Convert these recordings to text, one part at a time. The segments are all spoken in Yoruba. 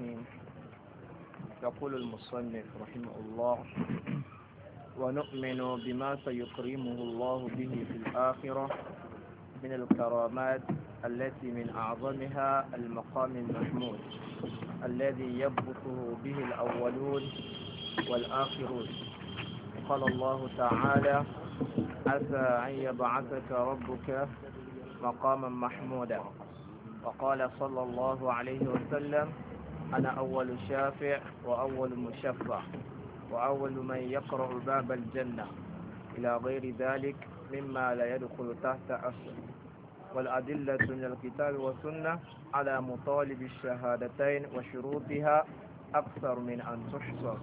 الرحيم يقول المصنف رحمه الله ونؤمن بما سيكرمه الله به في الآخرة من الكرامات التي من أعظمها المقام المحمود الذي يبطه به الأولون والآخرون قال الله تعالى أسى أن يبعثك ربك مقاما محمودا وقال صلى الله عليه وسلم أنا أول شافع وأول مشفع وأول من يقرأ باب الجنة إلى غير ذلك مما لا يدخل تحت أصل والأدلة من الكتاب والسنة على مطالب الشهادتين وشروطها أكثر من أن تحصر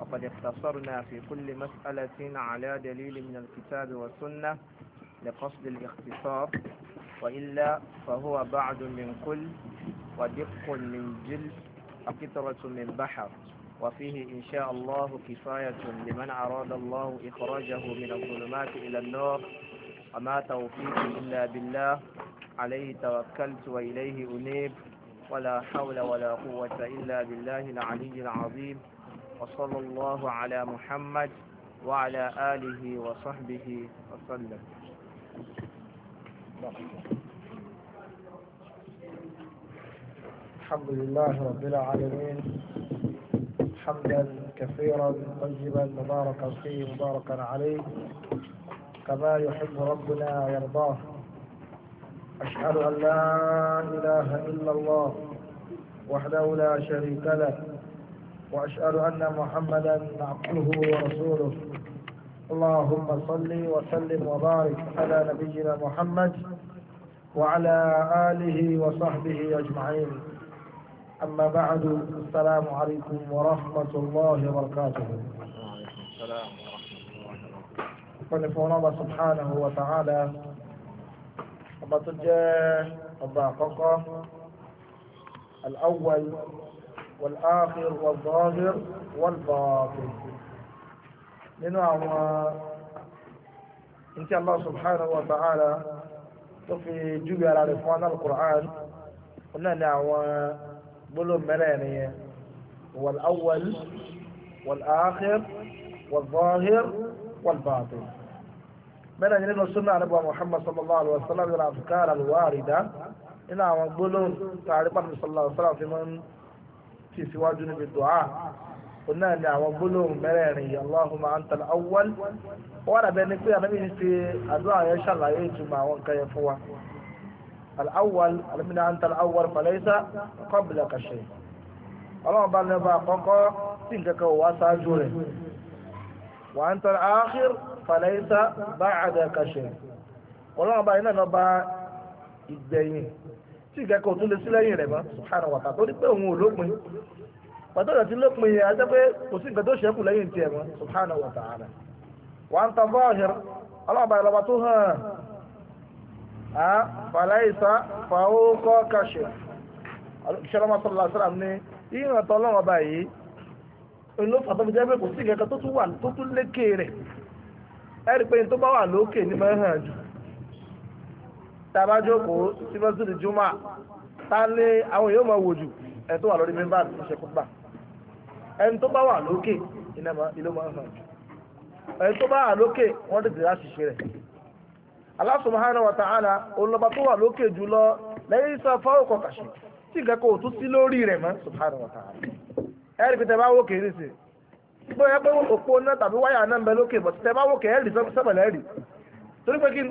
وقد اختصرنا في كل مسألة على دليل من الكتاب والسنة لقصد الاختصار وإلا فهو بعد من كل ودق من جلد قطرة من بحر وفيه إن شاء الله كفاية لمن أراد الله إخراجه من الظلمات إلى النور وما توفيق إلا بالله عليه توكلت وإليه أنيب ولا حول ولا قوة إلا بالله العلي العظيم وصلى الله على محمد وعلى آله وصحبه وسلم الحمد لله رب العالمين حمدا كثيرا طيبا مباركا فيه مباركا عليه كما يحب ربنا ويرضاه أشهد أن لا إله إلا الله وحده لا شريك له وأشهد أن محمدا عبده ورسوله اللهم صل وسلم وبارك على نبينا محمد وعلى آله وصحبه أجمعين أما بعد السلام عليكم ورحمة الله وبركاته وعليكم السلام ورحمة الله سبحانه وتعالى أما تجاه الضعفقة الأول والآخر والظاهر والباطن لنا إن شاء الله سبحانه وتعالى تفي جبل على القرآن قلنا نعوى gbólóhùn mẹ́rẹ̀ẹ̀rin yẹn wal awwal wal akhir wal zahir wal batin mẹ́rẹ̀ẹ̀rin nínú sunnah ànábì muhammad sallallahu alaihi wa sallam yóò adhkar al warida nínú àwọn gbólóhùn tààrí pàtàkì sallallahu alaihi wa sallam fi máa ń fi síwájú níbi du'a náà ni àwọn gbólóhùn mẹ́rẹ̀ẹ̀rin yìí Allahumma anta al-awwal wọ́n ni pé ànábì ń fi yẹn ṣàlàyé ìtumọ̀ àwọn nǹkan fún wa. الأول من أنت الأول فليس قبلك شيء ọlọ́run bá lọ bá kọ́kọ́ tí nǹkan kan wá sáájú rẹ̀ wà ń tọ́ra áhìr fàlẹ́sà bá àdàkàṣẹ̀ ọlọ́run bá iná lọ bá ìgbẹ̀yìn tí nǹkan kan ò tún lè sí lẹ́yìn rẹ̀ mọ́ sùhánà wàtà tó ní pé òun ò lópin pàtó rẹ̀ ti lópin yẹn ajẹ́ pé kò sí nǹkan tó ṣẹ́kù lẹ́yìn tiẹ̀ mọ́ sùhánà wàtà ààrẹ wà ń tọ́ bọ́ọ̀hìr ọlọ́run bá lọ bá tó hàn fàláìsá fàókọ́ kàṣẹ ìṣẹ́lọ́mọ́ sọ́lá sọ́lá ní ìrìn àtọ́ ọlọ́run ọba yìí inú fàtọ́fi jẹ́ pé kò sí ìkẹ́kẹ́ tó tún wà tó tún lékè rẹ̀ ẹ̀rí pé tó bá wà lókè ní máa ń hàn jù tàbá jókòó sí mọ́sílì jùmọ̀ ta ní àwọn èèyàn máa wò jù ẹ̀ tó wà lórí mẹ́mbà tó ṣe kúgbà ẹni tó bá wà lókè ìlú máa ń hàn jù ẹni tó bá wà lókè Allah subhanahu wa ta'ala olọba tó wà lókè jùlọ lẹ́yìn sọ fáwọn kọkàṣì tí nǹkan kò tún sí lórí rẹ̀ mọ́ subhanahu wa ta'ala ẹ̀rí pé tẹ́bá wòkè rí sí bó yẹ pé òpó náà tàbí wáyà náà ń bẹ lókè bọ̀ tẹ́bá wòkè ẹ̀rí sọ́mọ̀ lẹ́rí torí pé kí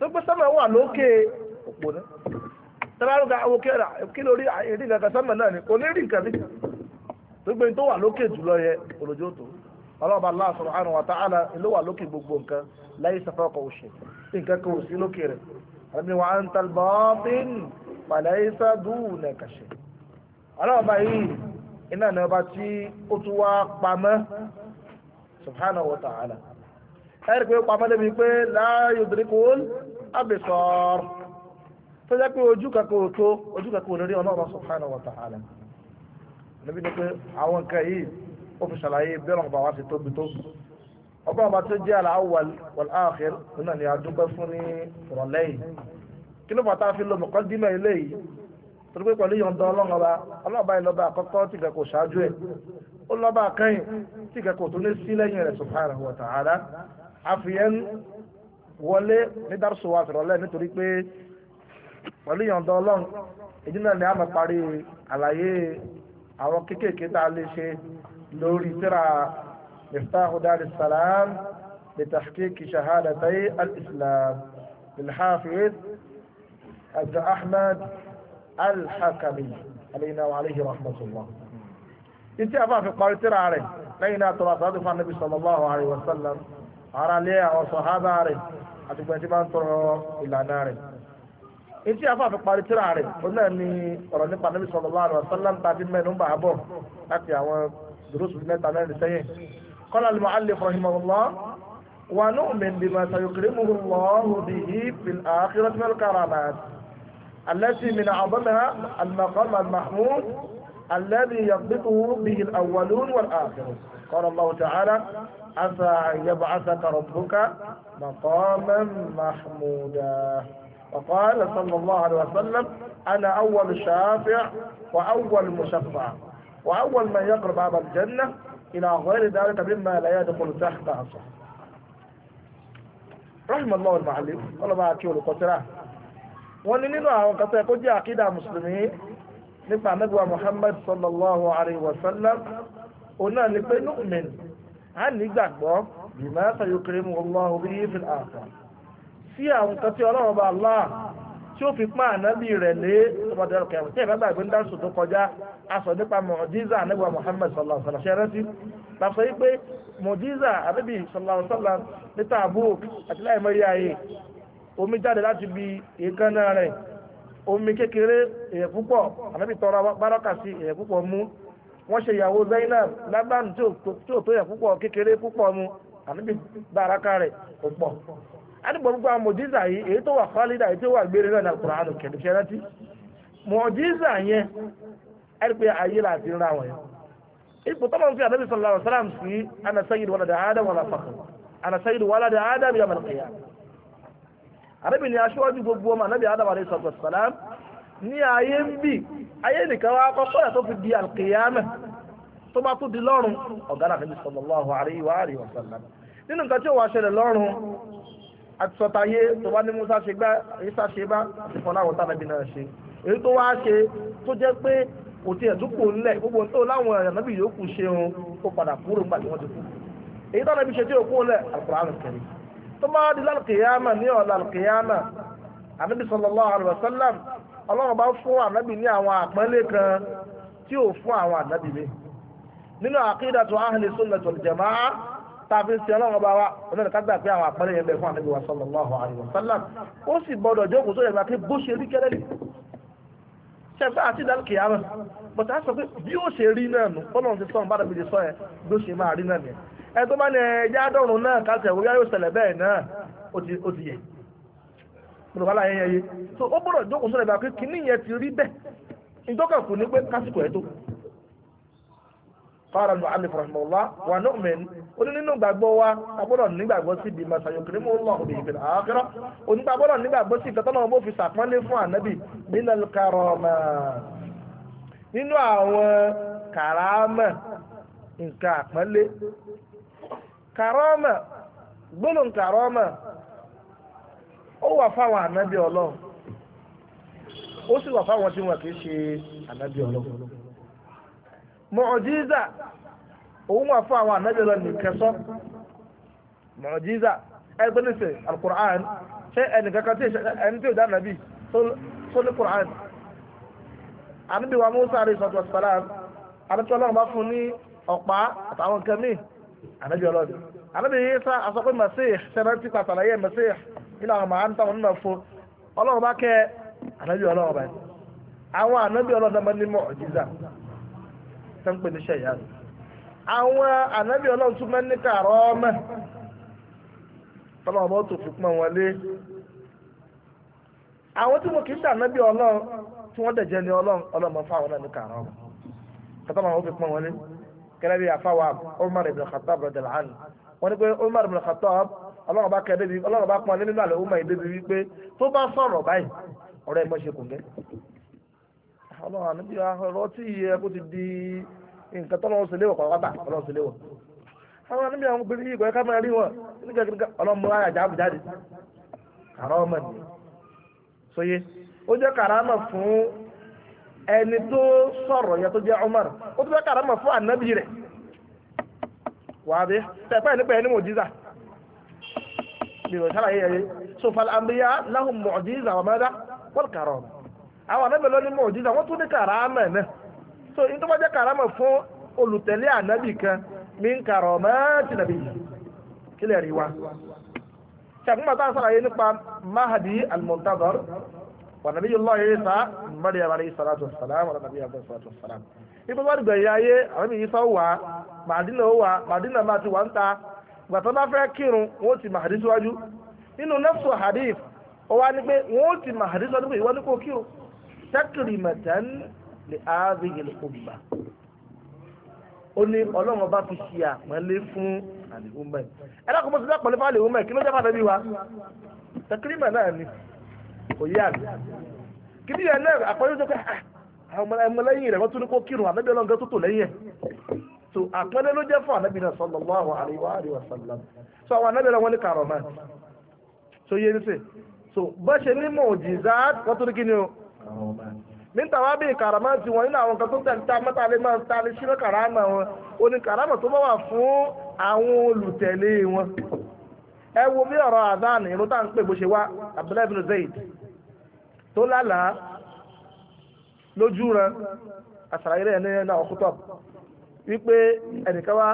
tó pé sọ́mọ̀ wà lókè òpó náà tẹ́bá wòkè rà kí lórí èrí nǹkan sọ́mọ̀ náà ni kò ní rí nǹkan ọlọ́ọ̀bá Allah subhanahu wa ta'ala ló wà lókè gbogbo nǹkan laysa fawqahu shay' nǹkan kan ò sí lókè rẹ̀ àbí wa anta al-batin wa laysa dunaka shay' ọlọ́ọ̀bá yìí iná ni ọba tí ó tún wá pamọ́ subhanahu wa ta'ala ẹ̀rí pé pamọ́ lébi tó jẹ́ pé ojú kankan ò ojú kankan ò lórí ọlọ́ọ̀bá subhanahu wa ta'ala níbi pé àwọn nǹkan yìí ó fi ṣàlàyé bẹ́ẹ̀ ọ̀bà wa ti tóbi tó ọba ọba tó jẹ́ al-awwal wal-akhir náà ni a dúpẹ́ fún ní ìrọ̀lẹ́ yìí kí ló pàtàkì fi lo muqaddima ilé yìí torí pé pẹ̀lú yọ̀ǹda ọlọ́run ọba ọlọ́ọ̀bá yìí lọ́ba àkọ́kọ́ tí kẹ́kọ̀ọ́ ṣáájú ẹ̀ ó lọ́ba kẹ́yìn tí kẹ́kọ̀ọ́ tó ní sí lẹ́yìn rẹ̀ subhanahu wa àwọn kéékèèké tá a lè ṣe lórí tíra miftahu dar es salaam لتحقيق شهادتي الإسلام للحافظ عبد أحمد الحكمي علينا وعليه رحمة الله انت أبا في قول ترى عليه لينا ترى عن النبي صلى الله عليه وسلم ara lé àwọn sọ̀hábà rẹ̀ àtìgbà tí máa ń tọrọ ìlànà rẹ̀. Etí afáàfi parí tíra rẹ̀, ó náà ni ọ̀rọ̀ nípa níbi sallallahu alaihi wasallam tàbí mẹ́nu bà á bọ̀ láti àwọn دروس مẹ́ta mẹ́rin نسيه قال المعلف رحمه الله ونؤمن بما سيكرمه الله به في الآخرة من الكرامات التي من أعظمها المقام المحمود الذي يضبطه به الأولون والآخرون قال الله تعالى عسى أن يبعثك ربك مقاما محمودا وقال صلى الله عليه وسلم أنا أول شافع وأول مشفع وأول من يقرب باب الجنة إلى غير ذلك مما لا يدخل تحت أصح رحم الله المعلم قال ما أكيو لقترة wọ́n ní nínú àwọn kan tó yẹ kó jẹ́ àkídà mùsùlùmí nípa anábíwá muhammad sallallahu alayhi wa sallam òun náà ni pé nu'min a nígbàgbọ́ bima sayukrimu Allahu bihi fil akhirah sí àwọn kan tí ọlọ́run bá allah tí ó fi pán ànábì rẹ̀ lé ọ̀pọ̀dọ̀ kẹwàá tí ìbágbà ìgbé ń dárúsù tó kọjá aṣọ nípa mọ̀jíza ànábìwá Muhammad sallallahu alaihi ṣe rántí lásọ yí pé mọ̀jíza ànábì sallallahu ní omi jáde láti bi èékánná rẹ̀ omi kékeré púpọ̀ tọrọ bárọ́kà sí púpọ̀ mú wọ́n ṣe ìyàwó Zainab lágbàánu tí ò tó púpọ̀ kékeré púpọ̀ mú àdìgbò gbogbo àwọn mọ̀jísà yìí èyí tó wà kọ́lídà èyí tó wà gbére náà nàkùrọ̀ àrùn kẹ̀lú ṣe rántí mọ̀jísà yẹn ẹ̀rí pé ayé láti ra wọn yẹn ipò tọ́lọ̀ fi àdébí sallallahu alaihi wasallam sí ana sayyidu walada adam wala fakhr ana sayyidu walada adam yawm al-qiyamah àdébí ni aṣíwájú gbogbo ọmọ anábì adam alayhi sallallahu alaihi wasallam ní ayé ń bì ayé nìkan wá kọ́kọ́ tó fi di al-qiyamah tó bá tún di lọ́rùn ọ̀gá náà níbi sallallahu alaihi wa alihi nínú nǹkan tí ó wà ṣẹlẹ̀ lọ́rùn àti sọtayé tó bá ní musa ṣe gbá isa ṣe bá àti fọlá àwọn tánàbí náà ṣe èyí tó wá ṣe tó jẹ́ pé kò tiẹ̀ tó kò ńlẹ̀ gbogbo tó láwọn ẹ̀yàn nábì yòókù ṣe òun tó padà kúrò nígbà tí wọ́n ti kú èyí tánàbí ṣe tí ò ńlẹ̀ Al-Qur'an Karim tó bá di lálùkìyàmà ní ọ̀la àlùkìyàmà ànábì sallallahu alaihi wasallam ọlọ́run bá fún ànábì ní àwọn àpọ́nlé kan tí ò fún àwọn ànábì mi ahli sunnah wal jamaa'ah tàbí sí ọlọ́run bá wa ọlọ́run ká gbà pé àwọn àpẹẹrẹ yẹn bẹ fún ànábì wa sallallahu alaihi wasallam ó sì gbọdọ̀ jókòó sórí ẹ̀gbà pé bó ṣe rí kẹ́lẹ́ lè ṣẹ̀fẹ́ àti ìdálùkì yàrá bọ̀tà sọ pé bí ó ṣe rí náà nù ọlọ́run ti sọ bí ó ṣe máa rí náà nìyẹn bá ní ẹja náà yóò ṣẹlẹ̀ bẹ́ẹ̀ náà ó ti yẹ yẹn yé so ó gbọ́dọ̀ jókòó pé yẹn ti rí bẹ́ẹ̀ pé قال المؤلف رحمه الله ونؤمن onínú gbàgbọ́ wa agbọ́dọ̀ nígbàgbọ́ sí ibi masayokiri mú lọ́ọ̀ bí ìbẹ̀rẹ̀ àákírọ́ onígbà agbọ́dọ̀ nígbàgbọ́ sí ìkẹtọ́ náà bó fi sàpọ́nlé fún ànábì minal karama nínú àwọn karama nǹkan àpọ́nlé karama gbólóhùn karama ó wà fáwọn ànábì ọlọ́run ó sì wà fáwọn mọ̀ọ́jíza òun wà fún àwọn ànábì lọ nìkan sọ ẹgbẹ́ ní alukur'an ṣé ẹnì kankan tí ẹni tí ò dá nàbì tó ní kur'an wa musa alayhi sọ̀tù wasalam ànábì ọlọ́run bá fún ní ọ̀pá àtàwọn nǹkan míì yìí sá sẹ́nà tí nínú àwọn màá ń tàwọn nínú ọlọ́run bá kẹ́ àwọn tó ń pè ní ṣẹ̀yàrá àwọn ànábì ọlọ́run tún máa ń ní kàrọ́ ọmọ tọ́lọ́ ọmọ tó fi pọ́n wọn lé àwọn tí mo kì í ṣe ànábì ọlọ́run tí wọ́n dẹ̀jẹ̀ ní ọlọ́run ọlọ́mọ fáwọn náà ní kàrọ́ ọmọ tọ́lọ́ ọmọ fi pọ́n wọn lé gẹ́gẹ́ bí àfáwà Umar ibn Khattab radiyallahu anhu wọ́n ní pé Umar ibn Khattab ọlọ́run bá kẹ́ débi ọlọ́run bá pọ́n nínú àlẹ́ Umar débi wípé tó bá sọ̀rọ̀ báyìí ọ̀rẹ́ mọ́ ṣe kò gẹ́ ọlọ́run àníbi ọ̀rọ̀ tí iye kó ti di nǹkan tọ́lọ́run sì léwọ̀ pàápàá ọlọ́run sì léwọ̀ àwọn àníbi àwọn gbèsè yìí kọ̀ọ̀ká máa rí wọn nígbà kíkà ọlọ́run mú àyàjá àbújá dé àrọ́ ọmọ nìyẹn sóyé ó jẹ́ kàrámà fún ẹni tó sọ̀rọ̀ yẹn tó jẹ́ Umar ó tún jẹ́ kàrámà fún ànábì rẹ̀ wàbí tẹ̀pẹ́ bí wọ́n ṣàlàyé yẹn so fal anbiya wal karama àwọn anábì lọ ní mọ̀jísà wọ́n tún ní kàrámà náà so ní tó bá jẹ́ kàrámà fún olùtẹ̀lé ànábì kan mi ń kàrọ̀ mẹ́tì nàbí kílẹ̀ rí wa ṣàkúmọ̀ tá a sàlàyé nípa mahadi al-muntazar wa nabiyullahi Isa maryam alayhi salatu wa salam wa nabiyyi alayhi salatu wa salam ibi wọ́n gbẹ̀ ya ayé àwọn èyí sọ wà màdínà ó wà màdínà máa ti wà ń ta gbàtọ́ bá fẹ́ kírun wọ́n ti màdí síwájú nínú nafsu hadith ó wá ní pé wọ́n ti màdí síwájú pé ìwọ́n ní kò kírun takrimatan li hadhihi al-umma ó ní ọlọ́run ọba fi ṣe àpọ́nlé fún àlèhùnmẹ́ ẹ̀dá kan bó ti dá pọ̀lẹ́ fún àlèhùnmẹ́ kí ló jẹ́ fàdébí wa tẹkírímẹ̀ náà ni kò yé àmì kí ni ẹ̀ náà àpọ́nlé tó kẹ́ ah, àwọn ọmọlẹ́yìn rẹ̀ wọ́n tún ní kó kírun ànábì ọlọ́run tó tò lẹ́yìn ẹ̀ tó àpọ́nlé ló jẹ́ fún ànábì náà sallallahu alaihi wa alihi wa sallam so àwọn ànábì ọlọ́run ní kàrọ̀ náà so yé ní sè so bọ́ ṣe ní mọ̀ọ́jì níta wá bí ìkàràmá ti wọn nínú àwọn nǹkan tó tẹ̀lé tá a mọ́ta lè máa ta lè ṣíná kàràmà wọn oní kàràmà tó bá wà fún àwọn olùtẹ̀lé wọn. ẹ wo bí ọ̀rọ̀ àdán ìrún tá à ń pè bó ṣe wá Abdullahi bin Zayd tó lálàá lójú rẹ̀ àṣàlàyé rẹ̀ ní ẹ̀nà ọ̀kútọ̀ wípé ẹnìkan wá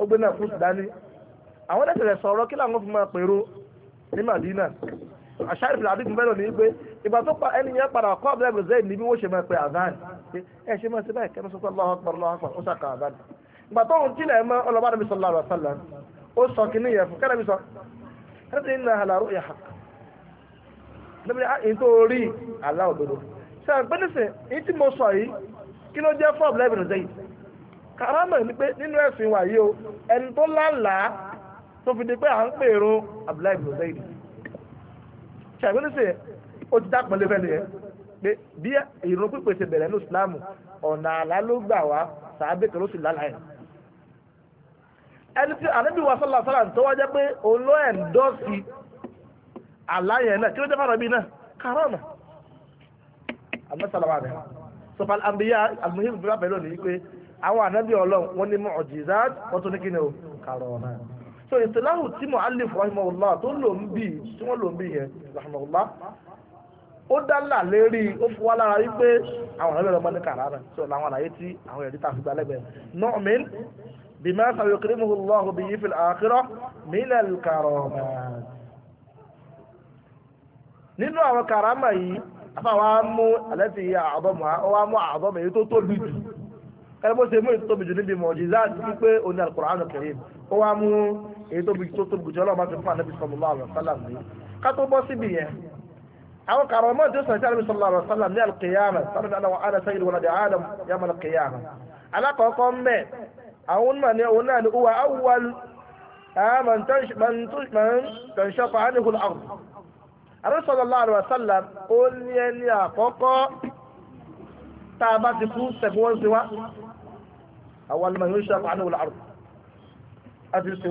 ó gbé náà fún sùdání àwọn ẹ̀sẹ̀ rẹ̀ sọ̀rọ̀ kí làwọn fi máa pèrò ní Madina àṣà ìfìlà àdìgún fẹ́ràn ní wípé ìgbà tó pa ẹni yẹn padà kọ́ abúlé ìbùrù zayd níbi wọ́n ṣe máa pe azan ẹ ṣe máa ṣe báyìí kẹ́mi sọ pé Allahu akbar Allahu akbar ó ṣàkà azan ìgbà tó ń tilẹ̀ mọ́ ọlọ́ba rẹ̀ sallallahu alaihi wasallam ó sọ kìíní yẹn fún kẹ́rẹ́ mi sọ kẹ́rẹ́ mi ní àhàlà ah, rú ìhà níbi ní tó rí àlá òdodo ṣe à ń pẹ́ ó ti dápọ̀lé fẹ́ pé bí ìrún pípèsè bẹ̀rẹ̀ ní ìsìláàmù ọ̀nà àlá ló gbà wá sàábẹ̀ tó ló sì lálàá ẹ̀ ẹni tí ànábì wa sọ́lá sọ́lá tó wá jẹ́ pé òun ẹ̀ ń dọ́sí àlá yẹn náà kí ló jẹ́ náà kárọ̀nà àmọ́ sàlámà rẹ̀ àmbíyá pé àwọn ọlọ́run ni o kárọ̀nà so ó dálà lérí ó fi wá lára wípé àwọn ọ̀rẹ́ ọmọ ní kàràrà tí ó tí àwọn ẹ̀rí nọ́ọ̀mìn nínú àwọn karama yìí afáwa mú àlẹ́tì àbọ̀mọ́ ó wá mú àbọ̀mọ́ èyí tó tóbi jù ẹni bó ṣe mú èyí tóbi jù níbi mu'jizat wípé òní al-Qur'an al ó mú èyí tó àwọn kàrọ̀mọ́ tó sọ̀rọ̀ sálàmù sọ̀rọ̀ àrùn sálàmù ní alkiyama sálàmù aláwọ̀ àrùn sẹ́yìn wọn àdé àdàm yàmà alkiyama alákọ̀ọ́kọ́ ń bẹ̀ àwọn onímọ̀ ní òun náà ní uwa awwal man tanshafa anihu al-ard àrùn sọ̀rọ̀ àrùn sálàmù ó ní ẹni àkọ́kọ́ tá a bá ti kú sẹ̀fún wọn sí wa àwọn man tanshafa anihu al-ard a ti sì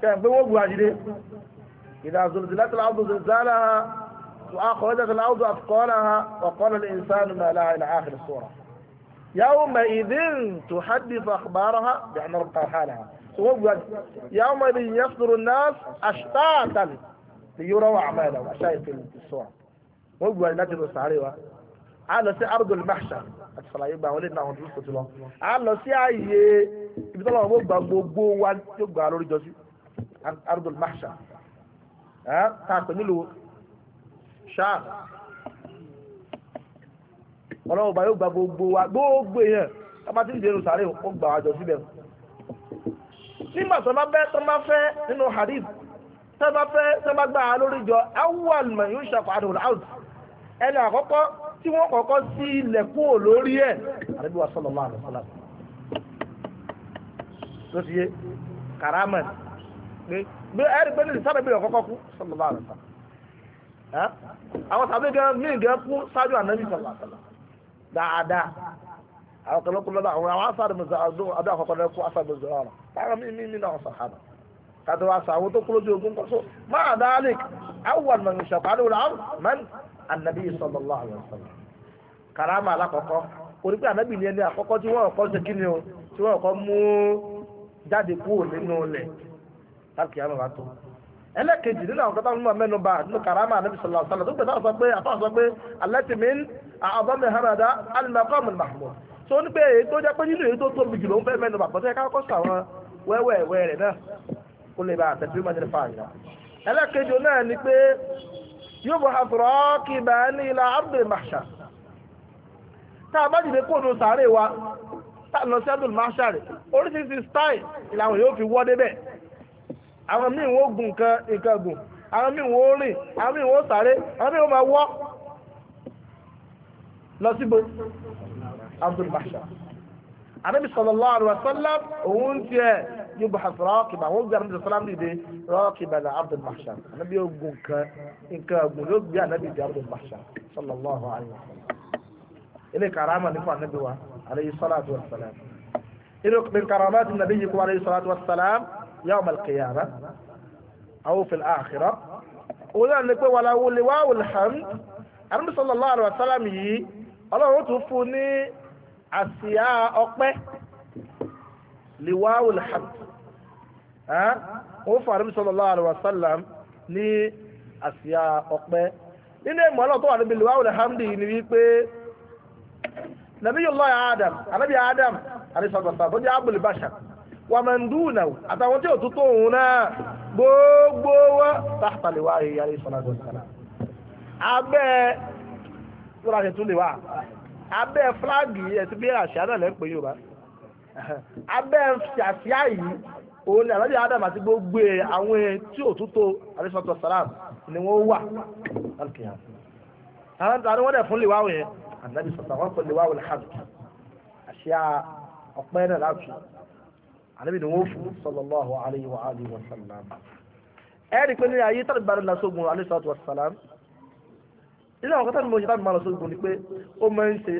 kẹ́ẹ̀pẹ́ wọ́n gbùwà jìdé ìdázòlùdì láti láàbù zòzálà ha tó àkọwọ́jẹ́ tó láàbù àkọọ́lá ha ọ̀kọ́lá lè sáànù náà láàrín àkìrì sọ́ra yàwó mà ìdín tó hàdì fàkbàrà ha bí àná rúkà hàlà ha tó wọ́n gbùwà yàwó mà ìdín yẹ sùrù náà àṣtáàtàn lè yí rọwà àmàlà ardul mahshar tá a pè nílùú ṣáà ọlọ́wọ́ bá yóò gba gbogbo wa gbogbo èèyàn ọba tí ń dèrò sàárè ó gbà àjọ síbẹ̀ nígbà tó bá bẹ́ tó bá fẹ́ nínú hadith tó bá fẹ́ tó bá gbà lórí jọ awwal man yunshaqu anhu al-ard ẹni àkọ́kọ́ tí wọ́n kọ́kọ́ sí ilẹ̀ kúrò lórí ẹ̀ àdébíwá sallallahu alaihi wasallam ló ti yé kàrámẹ̀ pé ẹ̀rí pé níbi sábẹ́ bẹ̀rẹ̀ kọ́kọ́ kú sọlọ́lá àlọ́sà àwọn sàbẹ̀ gan mí gan kú sáájú ànábì sọlọ́lá dáadáa àwọn kan lọ́kùnrin lọ́dọ̀ àwọn àwọn asáàdì mi adó àkọ́kọ́ náà kú asáàdì mi zọ̀rọ̀ táwọn mí mí mí náà sàhábà kàtó wa sà àwọn tó kúrò ju ogun kọ́sọ́ máa dáálík àwọn mọ̀ nṣàkó àdéhùn ni ẹni àkọ́kọ́ tí wọ́n kọ́ ṣe kí ni o tí wọ́n kọ́ mú jáde kúrò nínú ilẹ̀ láti àwọn àtò ẹlẹ́kejì nínú àwọn kọ́tà mímọ́ mẹ́nu bá nínú karama anabi sallallahu alaihi wasallam tó gbèsè àṣọ pé àfa àṣọ pé alẹ́tìmín àbọ̀mí hamada alimakọ́mù mahmud tó ní pé èyí tó jẹ́ pé nínú èyí tó tóbi jùlọ ń fẹ́ mẹ́nu bá pọ̀tẹ́ ká kọ́ sàwọn wẹ́wẹ́wẹ́ rẹ̀ náà kó lè bá àtẹ̀tí mọ́ nípa àyà ẹlẹ́kejì náà ni pé yóò bọ̀ àfúrọ́ kí ibà ní ilà àwọn míì wọ́n gùn nǹkan nǹkan gùn àwọn míì wọ́n rìn àwọn míì wọ́n sáré àwọn míì wọ́n máa wọ́ lọ síbo Abdul Mahshar anabi sallallahu alaihi wasallam òun tiẹ̀ yóò bá hasra ọkìbà wọn gbé anabi sallam dìde rọkìbà na Abdul Mahshar yóò gùn nǹkan nǹkan gùn yóò gbé anabi dìde Abdul Mahshar sallallahu alaihi ilé karama nípa anabi wa alaihi salatu wasalam ilé karama ti nabi yìí kó alaihi salatu wasalam yawm al-qiyamah aw fil akhirah òun náà ni pé wàlá wọlé wà wọlé hàn àdúgbò sallallahu alaihi wasallam yìí ọlọ́run tún fún ní àsíá ọpẹ́ liwa wọlé hàn ó fún àdúgbò sallallahu alaihi wasallam ní àsíá ọpẹ́ nínú ìmọ̀ ọlọ́run tó wà níbi liwa wọlé hàn yìí ni wípé nabiyullahi adam anabi adam àdìsọ̀tọ̀tọ̀ tó jẹ́ abul bashar wàmàndúnà àtàwọn tí ò tó tóun náà gbogbo wa tahta liwa'ihi yàrá ìsọ̀nàgbọ̀n sàlá abẹ́ fúra ṣe tún lè wà abẹ́ fúláàgì ẹ̀sìn bí àṣà náà lẹ́pẹ́ yorùbá abẹ́ àṣà yìí òun ni àlọ́jà adam àti gbogbo àwọn tí ò tútó àrísọ́tọ̀ sàlám ni wọ́n wà ànábì ni wọ́n fún sallallahu alayhi wa alihi wa sallam ẹ̀rí pé ní ayé tàbí bá lọ sógun alayhi salatu wa salam nínú àwọn kọ́tà ni mo ṣe tàbí bá lọ sógun ni pé ó máa ń ṣe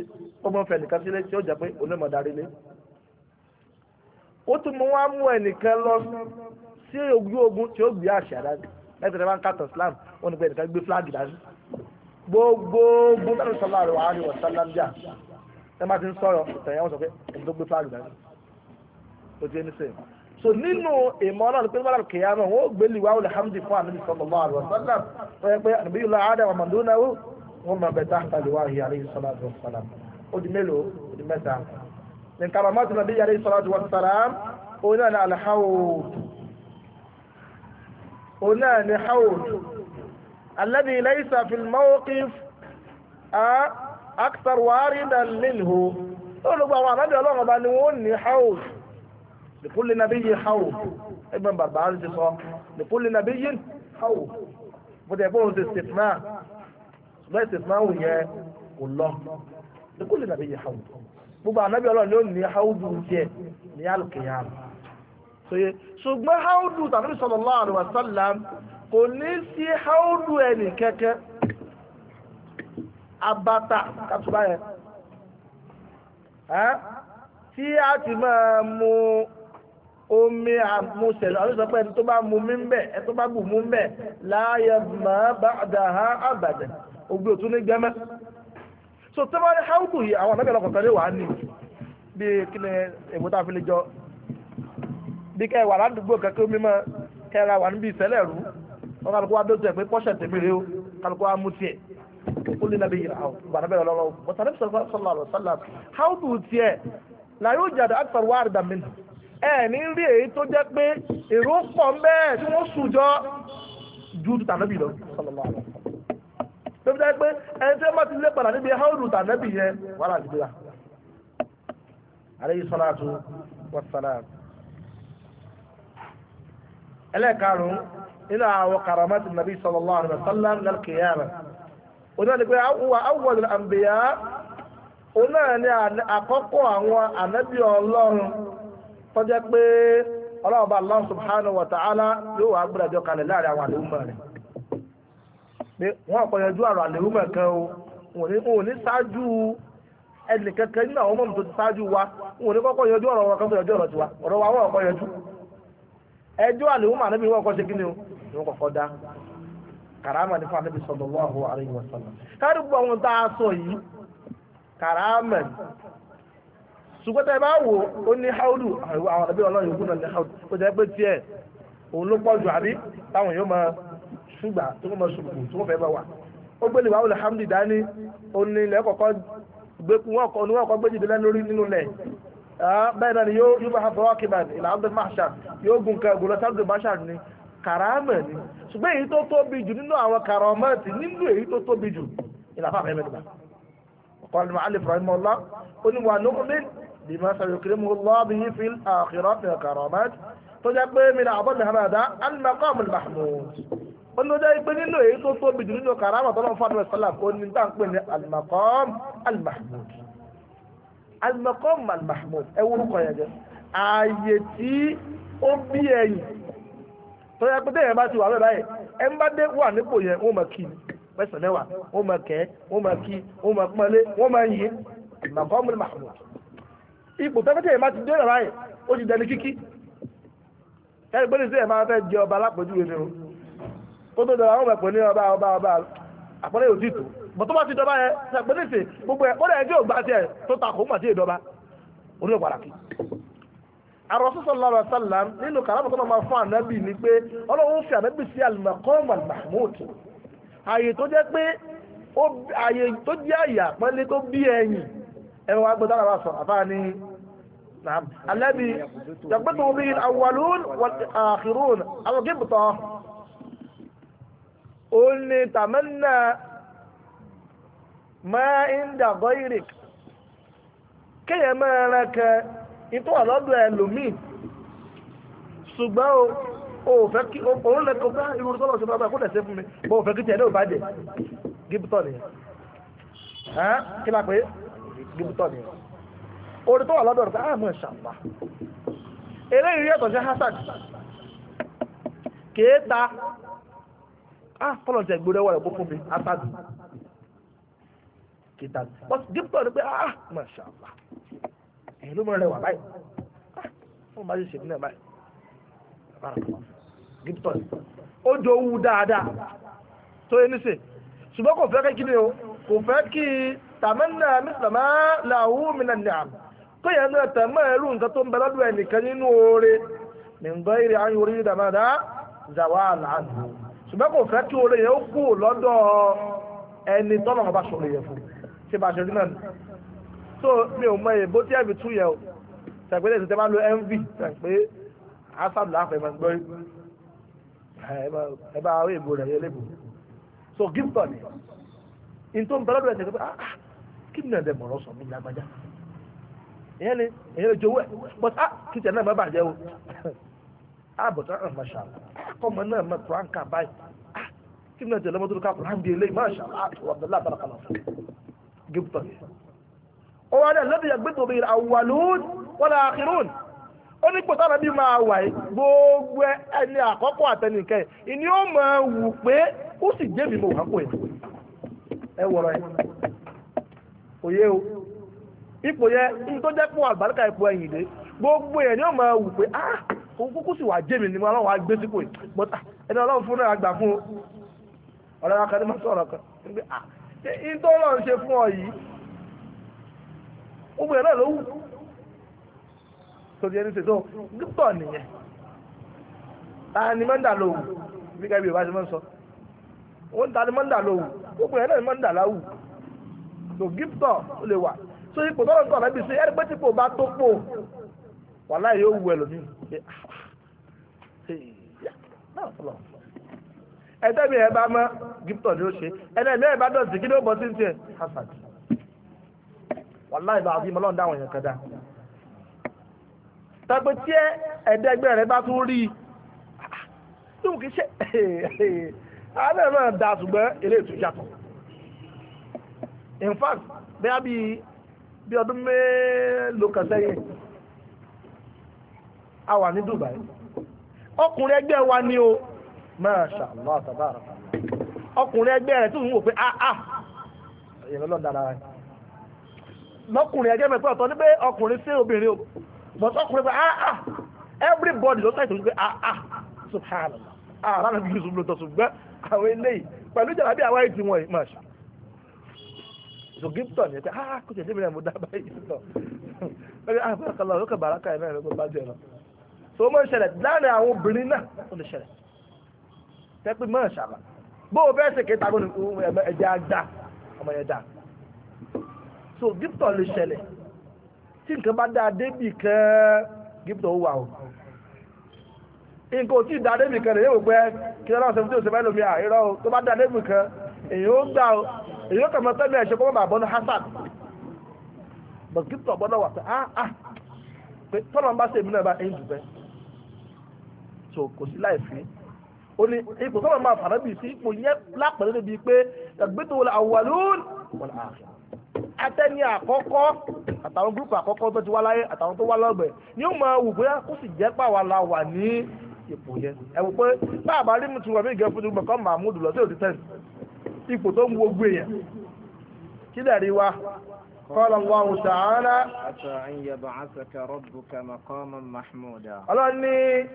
ó máa ń fẹ́ nìkan sílé tí ó jẹ́ pé onímọ̀ darí lé ó tún mú wá mú ẹnìkan lọ sí ojú ogun tí ó gbé àṣà dání lẹ́gbẹ̀ẹ́ bá ń kàtọ̀ Islam wọn ni pé ẹnìkan gbé fúláàgì dání gbogbo gbogbo tàbí sọlá rẹ̀ wà á jà ẹ má ti ń sọ̀rọ̀ ìtàn yẹn sọ pé ẹni tó gbé fúláàgì dání ó ẹni sẹ́yìn so nínú ìmọ̀ ọlọ́run pé bọ́lá kìí àmọ́ wọn ó gbé lìwá olè hamdi fún ànábì sallallahu alaihi wasallam tó yẹ pé ànábì yìí lọ àádá wà màdún náà wọn máa bẹ̀ táàtà lìwá yìí alayhi salatu wassalam ó di mélòó ó di mẹ́ta nǹkan àmọ́ tó nàbí alayhi salatu wassalam ó náà ní alhawd ó náà ní hawd ó lọ gbọ́ àwọn ànábì ọlọ́run ọba ni lèkúlè nàbí yìí hàwù Ibn Barbahari ti sọ lèkúlè nàbí yìí hàwù bóde ẹgbẹ́ òun ti sèfúnà ṣùgbọ́n ìsèfúnà wù yẹ kò lọ lèkúlè nàbí yìí hàwù gbogbo ànábì ọlọ́run ló ní hàwù dùn tiẹ̀ ní àlùkìyà sóye ṣùgbọ́n hàwù dùn tàbí sallallahu alaihi wasallam kò ní sí hàwù dùn ẹnì kẹ́kẹ́ abata kàtúbà yẹn tí a ti máa mú. omi àmúṣẹ̀lẹ̀ àwọn ẹni tó bá mú mi ń bẹ̀ tó bá bù mú ń bẹ̀ máa bá àdáhà àbàdàn òtún ní so tó bá rí háùdù yìí àwọn àmẹ́bẹ̀lẹ̀ kọ̀ọ̀kan lè wà á bí kí ni èbó tá a fi lè jọ bí kẹ́ ẹ wà ládùúgbò kẹ́kẹ́ omi mọ́ kẹ́ wà níbi ìṣẹ̀lẹ̀ rú wọn wa dóòtú ẹ̀ pé pọ́ṣẹ̀ tèmi o kálukú wa mú tiẹ̀ ó lé nàbí yìí àwọn ẹ̀ẹ̀ní rí èyí tó jẹ́ pé èrò pọ̀ mẹ́ẹ̀ tí wọ́n jọ ju tànàbì lọ sọlọ́lá pé ẹni tí wọ́n ti lé padà níbi haudu tànàbì yẹn wàhálà ti wa aleyhi salatu wa salam ẹlẹ́ẹ̀karùn-ún nínú àwọn nàbí àrùn oní pé àmbìyà oní kọjá pé ọlọ́ọ̀bá Allah subhanahu wa ta'ala yóò wà gbúdájọ́ kalẹ̀ láàrin àwọn àlèhùmọ̀ rẹ̀ pé wọ́n kọ́ yanjú àlèhùmọ̀ kan o òun ní ṣáájú ẹnì kankan nínú àwọn mọ̀mù tó ti ṣáájú wa òun ní kọ́kọ́ yanjú ọ̀rọ̀ wọn kan ọ̀rọ̀ tiwa ọ̀rọ̀ wa a sọ yìí ṣùgbọ́n tẹ́ bá wò ó ní haudu àwọn àbí ọlọ́run yòókù náà ní haudu ó jẹ́ pé tiẹ̀ òun ló pọ̀ jù àbí táwọn yóò máa ṣùgbà tó máa ṣùgbù tó fẹ́ bá wà ó gbé lè wà wọlé hamdi dání òun ní ilẹ̀ kọ̀ọ̀kan gbé wọn kọ ní wọn lórí nínú ilẹ̀ bẹ́ẹ̀ náà ni yóò yóò bá fọwọ́ kíba ìlà abdul mahshar yóò gun kan gùn lọ sí abdul ni karama ni ṣùgbọ́n èyí tó tóbi jù nínú àwọn karamati nínú èyí tó tóbi jù ìlà fàfẹ́ mẹ́tẹ̀ẹ̀ta ọ̀kọ́ ni mo alif rahim ọlá ó ní wà nínú bima sayukrimuhu Allah bihi fil akhirati karamat tó jẹ́ pé mi làbọ̀ mi hàmàdá al-maqam al-mahmud ó ní ó jẹ́ pé nínú èyí tó tóbi jù nínú karama tó lọ́n fàdúrà sálà kó ní tá à ń pè ní al-maqam al-mahmud al-maqam al yẹn jẹ ààyè tí ó bí ẹ̀yìn tó yẹ pé téèyàn bá ti wà bẹ́ẹ̀ báyìí ẹ ń bá dé wà nípò yẹn wọ́n máa kí ni mẹ́sàn-án mẹ́wàá wọ́n máa kẹ́ wọ́n máa kí wọ́n máa pọ́nlé wọ́n máa yí al-maqam al ipò tẹ́fẹ́tẹ́ yẹn bá ti dé ìrọ̀lá yẹn ó ti dẹni kíkí ẹni pé nìṣẹ́ yẹn máa fẹ́ jẹ ọba alápòjúwe ni o ó tó dọ̀rọ̀ àwọn ọmọ ẹ̀pọ̀ ní ọba ọba ọba àpọ́nlé yóò ti tò bọ́ tó bá ti dọ́ba yẹn ṣàpẹ́ nìṣẹ́ gbogbo ẹ̀ ó dẹ̀ tí ò gbà tiẹ̀ tó ta kó màtí ìdọ́ba orí ò pàràkì. àròsọ sallallahu alaihi wasallam nínú kàlámù tó máa fún ànábì ni pé ọlọ́run fi ànábì sí al-maqam al-mahmud àyè tó jẹ́ pé àyè tó jẹ́ àyè àpọ́nlé tó bí ẹ̀yìn ẹ̀rọ wa gbọ́dọ̀ àwọn sọ̀rọ̀ àbá ni alẹ́bi jàgbẹ́tò omi awalun àkìrún àwọn gíbùtọ̀ ó ní tàmínà máa ń dàgọ́ ìrìk kéèyàn máa rẹ kẹ ìtọ́ àlọ́dọ̀ ẹlòmíì ṣùgbọ́n o ò fẹ́ kí òun lè kọ́ bá irun tó lọ sí ọba kó lè fún mi bó o fẹ́ kí tiẹ̀ ní bá jẹ gíbùtọ̀ nìyẹn kí la pè é gíbítọ̀ ni orí tó wà lọ́dọ̀ rẹ̀ àmọ́ ah, ìṣàpá eléyìí rí ẹ̀tọ̀ sí hasad kéèta ah fọlọ̀ tẹ̀ gbódẹ̀ wà rẹ̀ kó fún mi hasad kéèta but gíbítọ̀ ni pé ah mọ̀ ìṣàpá ẹ̀yìn ló mọ̀ wà báyìí ah fún bá ṣe ṣe nílẹ̀ báyìí gíbítọ̀ ni ó jọ owó dáadáa tó yẹ níṣẹ́ ṣùgbọ́n kò fẹ́ kí ni o kò fẹ́ kí tàmánà mísàmá làwù mìíràn ní àmì tó yẹn náà tàmá ẹrú nǹkan tó ń bẹ lọ́dọ̀ ẹnìkan nínú oore nìgbà ìrì àyùn orí dàmádà zàwà àlàáhù ṣùgbọ́n kò fẹ́ kí oore yẹn ó kú lọ́dọ̀ ẹni tọ́nà ọba sọ̀rọ̀ yẹn fún ṣé bá a ṣe rí náà so mi ò mọ èbó tí ẹ̀mí tú yẹn o tàgbélé ìṣẹ̀tẹ̀ máa lo mv pé asab láàfẹ́ ẹ̀ máa gbọ́ ẹ bá àwọn èbó rẹ̀ yẹn lébò so gibson ni n tó ń bẹ lọ́dọ̀ ẹ̀ kí ni ẹ̀dẹ̀ mọ̀rọ̀ sọ mí lágbájá ìyẹn lè ìyẹn lè jowó ẹ̀ but ah kìtìyà náà má bàjẹ́ o ah but ah masha kọ́mọ náà mọ̀ kúrán kà báyìí ah kí ni ẹ̀dẹ̀ lọ́mọdún ká kúrán bíi eléyìí masha ah wàbẹ̀lá àbára kan náà fún gíptọ̀ ó wà ní ẹ̀lẹ́dìyà gbẹ́tọ̀ bí awwalun wala akhirun ó ní pọ̀tà náà bí máa wà yìí gbogbo ẹni àkọ́kọ́ àtẹnìkẹ́ ìní ó máa wù pé ó sì jẹ́ mi mo wà kó yẹn ẹ wọ̀rọ̀ yẹn kò yé o ipò yẹn ní tó jẹ́ pọ̀ àgbàlùkà ipò ẹ̀yìn dé gbogbo yẹn ni ó máa wù pé ah òun kúkú sì wà jẹ́ mi ni ọlọ́run wá gbé sípò yìí but ah, ẹni ọlọ́run fún náà gbà fún ọ̀rẹ́ wa kan ní máa sọ̀rọ̀ kan pé ah ní tó ọlọ́run ṣe fún ọ yìí gbogbo yẹn náà ló wù tó di ẹni ṣètò gbígbọ̀ nìyẹn ta ni mọ́ndà ló wù bí kábíyèsí bá ṣe máa ń sọ wọ́n ta ni mọ́ndà ló wù gbogbo yẹn náà ni mọ́ndà láwù dògítọ̀ ó lè wà tó ipò tọ́lọ̀ tọ̀ lẹ́bi sí ẹni pé tí kò bá tó pò wàhálà yóò wù ẹ lómi ẹ̀tẹ́ mi ẹ̀ bá mọ́ gíptọ̀ ni ó ṣe ẹ̀tẹ́ mi ẹ̀ bá dọ̀tí kí ni ó bọ́ sí tiẹ̀ hasad wàláì bá àbí mọ́lọ́n dáwọn èèyàn kan dá tàbí tí ẹ̀ẹ́dẹ́gbẹ́ rẹ bá tún rí i ah, tó kì í ṣe àárẹ̀ náà dà ṣùgbọ́n eré ìtújàtọ̀ in fact bí a bí ọdún mélòó kan sẹ́yìn a wà ní Dubai ọkùnrin ẹgbẹ́ wa ni o Masha Allah tàbára ọkùnrin ẹgbẹ́ rẹ̀ tó ń wò pé àà ìrìn lọ dára rẹ̀ lọkùnrin ẹgbẹ́ mẹ́pẹ́ ọ̀tọ̀ ní pé ọkùnrin sí obìnrin o but ọkùnrin pé àà ah, ah. everybody ló sẹ́yìn tó ń pé àà ah, subhanallah àà lánàá bí yusuf ló tọ̀ ṣùgbọ́n àwọn eléyìí pẹ̀lú ìjàlábí àwa ètí wọn yìí Masha so gibson yẹ pé ah kò tẹ̀lé mi náà mo dá báyìí lọ ẹgbẹ́ ah fún ọkọlọ lókè bàrákà yẹn náà ló so ó máa ń ṣẹlẹ̀ láàrin àwọn obìnrin náà ó lè ṣẹlẹ̀ tẹ́pẹ́ máa ṣàlà bó o bẹ́ẹ̀ ṣèké tagbọ́n ní ẹ̀jẹ̀ àgbà ọmọ yẹn so gibson lè ṣẹlẹ̀ tí nǹkan bá dáa débì kan gibson ó wà o nǹkan ò tí ì dáa débì kan lè yẹ wò pé kí lọ́wọ́ sọ fún tí o ṣe fẹ́ lómi à irọ́ o tó bá dáa débì kan èyí ó o èyí ó kàmọ́ sẹ́mi ẹ̀ṣẹ̀ kọ́mọ́ bàbá ní hasan bọ̀sìkìtì ọ̀gbọ́n náà wà pé ah ah pé tọ́lọ̀ ń bá sèmi náà bá ẹ̀yìn jù bẹ́ẹ̀ so kò sí láì fi ó ní ipò tọ́lọ̀ máa fàrà bì sí ipò yẹn lápẹ̀lẹ́ níbi pé ẹgbẹ́tò wọlé àwòwàlúùn wọn àfẹ́ atẹ́ni àkọ́kọ́ àtàwọn gúrùpù àkọ́kọ́ tó ti wá láyé àtàwọn tó wá lọ́gbẹ̀ẹ́ ni ó máa wù bóyá kó sì jẹ́ pàwọ́ la wà ní ipò yẹn ẹ wò pé báàbá rí mi tún wà mí gẹ́ fún mi kọ́ Mahmood lọ sí òtítẹ́ni ipò tó ń gbogbo èèyàn kí lẹ́rí wa قال الله تعالى عسى أن يبعثك ربك مقاما محمودا الله أني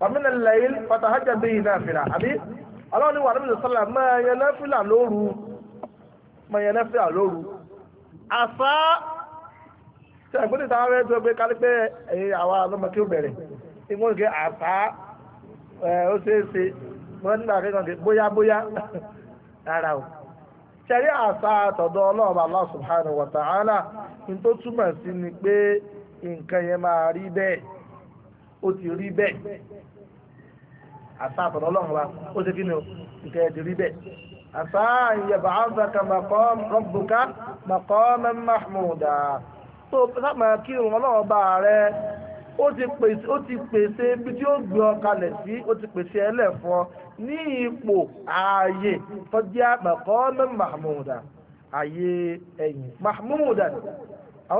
ومن الليل فتهجد به نافلة أبي الله أني وعلى النبي صلى ما ينافل لورو ما ينافل لورو عسى تقول تعالى تقول قال لك أي عوا هذا ما كيو بره يقول كي عسى أه وسيسي من ناقي كان بويا بويا rárá o ṣẹ̀rí àṣà àtọ̀dọ̀ ọlọ́ọ̀bà Allah subhanahu wa ní tó túmọ̀ sí ni pé nǹkan yẹn máa rí bẹ́ẹ̀ ó ti rí bẹ́ẹ̀ àṣà àtọ̀dọ̀ ọlọ́ọ̀bà ó ti kí ni nǹkan yẹn ti rí bẹ́ẹ̀ àṣà ìyẹ̀bà áfẹ́kà tó sábà kírun ọlọ́ọ̀bà ó ti pèsè ibi tí ó gbé ọ kalẹ̀ sí ó ti pèsè ẹlẹ́fọ́ ní ipò ààyè tó jẹ́ àgbàkọ́ ní mahmuda ààyè ẹ̀yìn mahmuda àwọn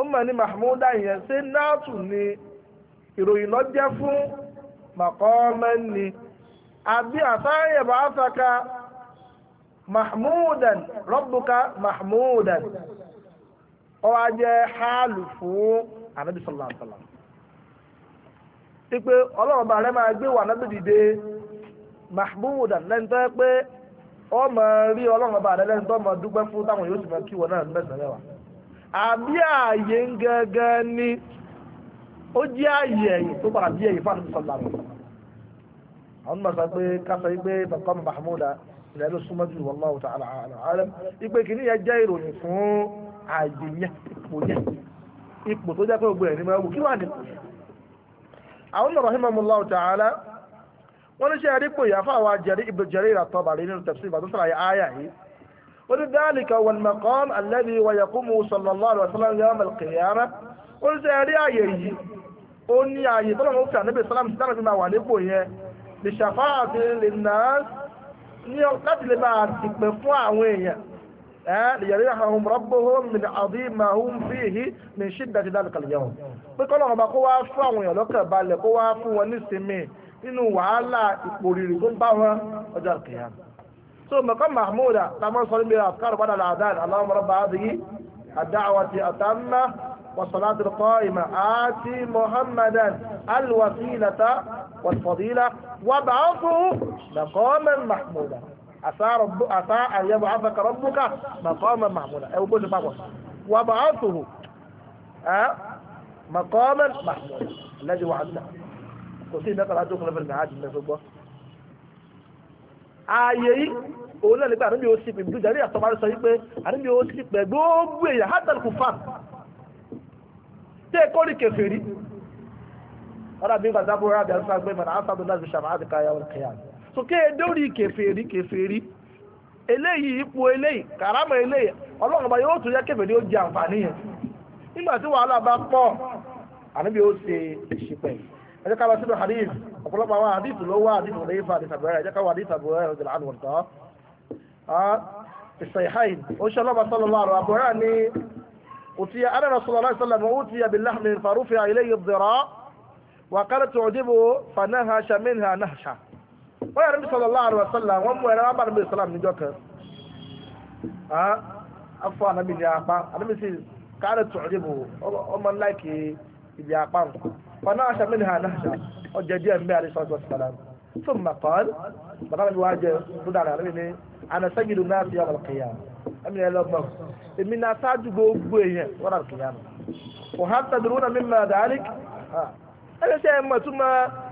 ọmọ ní mahmuda yẹn ṣé náàtù ni ìròyìn lọ jẹ́ fún màkọ́ọ́mẹ́ ni àbí àtàyẹ̀bọ̀ àfẹ́ka mahmudan rabbuka mahmudan ó wá hálù fún ànábì sallallahu alaihi pé ọlọ́run bá rẹ máa gbé wà nábì dìde mahmud lẹ́ni pé ọ máa rí ọlọ́run rẹ lẹ́ni tó dúpẹ́ fún táwọn yóò sì máa kí wọn náà àbí ààyè ń ni ó jẹ́ ààyè ẹ̀yìn tó padà bí ẹ̀yìn fáwọn sọ̀lá rẹ̀ àwọn sọ pé bàbá ilẹ̀ ló súnmọ́ jù ipe kìíní yẹn jẹ́ ìròyìn fún ààyè yẹn ipò yẹn ipò tó jẹ́ pé gbogbo ẹ̀ àwọn rahimahullahu ta'ala wọ́n ní ṣe àrípò ìyàfà wa Jarir at-Tabari nínú tafsir ìbàdàn sọ̀rọ̀ àyà àyà yìí ó ní dhalika wal maqam alladhi wa yaqumu sallallahu alaihi wa sallam yawm al-qiyamah ó ní ṣe liyarihahum rabbuhum min azima hum fihi min shiddati dhalika al-yawm pé kọ́lọ́run ọba kó wá fún àwọn èèyàn lọ́kàn balẹ̀ kó wá fún wọn nísinmi nínú wàhálà ìpòrìrì tó ń bá wọn ọjọ́ kìíyàn so mọ̀kán mahmuda lamọ́ sọ níbi àfikàrọ̀ padà làdáàdì Allahumma rabba hadhihi ad-da'wati at-tamma والصلاة القائمة آتي محمدا الوسيلة والفضيلة وابعثه مقاما محمودا àṣà àyẹ̀wò afẹ́kọ̀rọ̀ búkà maqama mahmuda ẹ̀wọ̀n bó ti papọ̀ wà bá a tòhù ẹ́ maqama mahmuda lẹ́yìn wà á kò sí ìdáka láti òkú lẹ́fẹ̀ẹ́ náà jùlọ gbọ́. ààyè yìí òun náà nípa àdúgbò sí ìpè ìdújà ní àtọ́mọ́rí sọ wípé àdúgbò sí ìpè mọ̀ náà á náà fi ṣàmà á ti ká yà wọ́n sókè dórí kèfèrí kèfèrí eléyìí ipò eléyìí kàrámà eléyìí ọlọ́run ọba yóò tún yẹ kèfèrí ó jẹ àǹfààní yẹn nígbà tí wàhálà bá pọ̀ àníbi ó ṣe ìṣìpẹ̀ ẹ ká lọ sínú hadith ọ̀pọ̀lọpọ̀ àwọn hadith ló wá hadith lè fa hadith àbúrẹ́ ẹ ká wá hadith àbúrẹ́ ọ̀dọ̀ àánú ọ̀dọ́ ìṣẹ̀yìn ó ṣe ọlọ́ba sallallahu alaihi àbúrẹ́ ní أتي أنا رسول الله صلى wọ́n yàrá bisọ̀ lọ́la àrùn ọ̀sọ́là wọ́n mú ẹ̀rọ abá nàbẹ̀ sọ́là níjọ́ kan afọ anabi ní apá anabi sì káàdì tọ̀ọ̀dì bò ọmọ láìkì ibi apá wọn náà aṣa mẹ́lẹ̀ hàn náà ọjà díẹ̀ mbẹ́ àdìsọ́ ọjọ́ sọ́là fún màkàn bàbá mi wá jẹ dúdàrà anabi ní anasagidu náà ti yàgò kìyà ẹmi ẹ lọ èmi náà sáájú gbogbo èèyàn wọ́n àrùn kìyà mi wọ́n hàn tàbí rúnà mímọ́ àdárík ẹ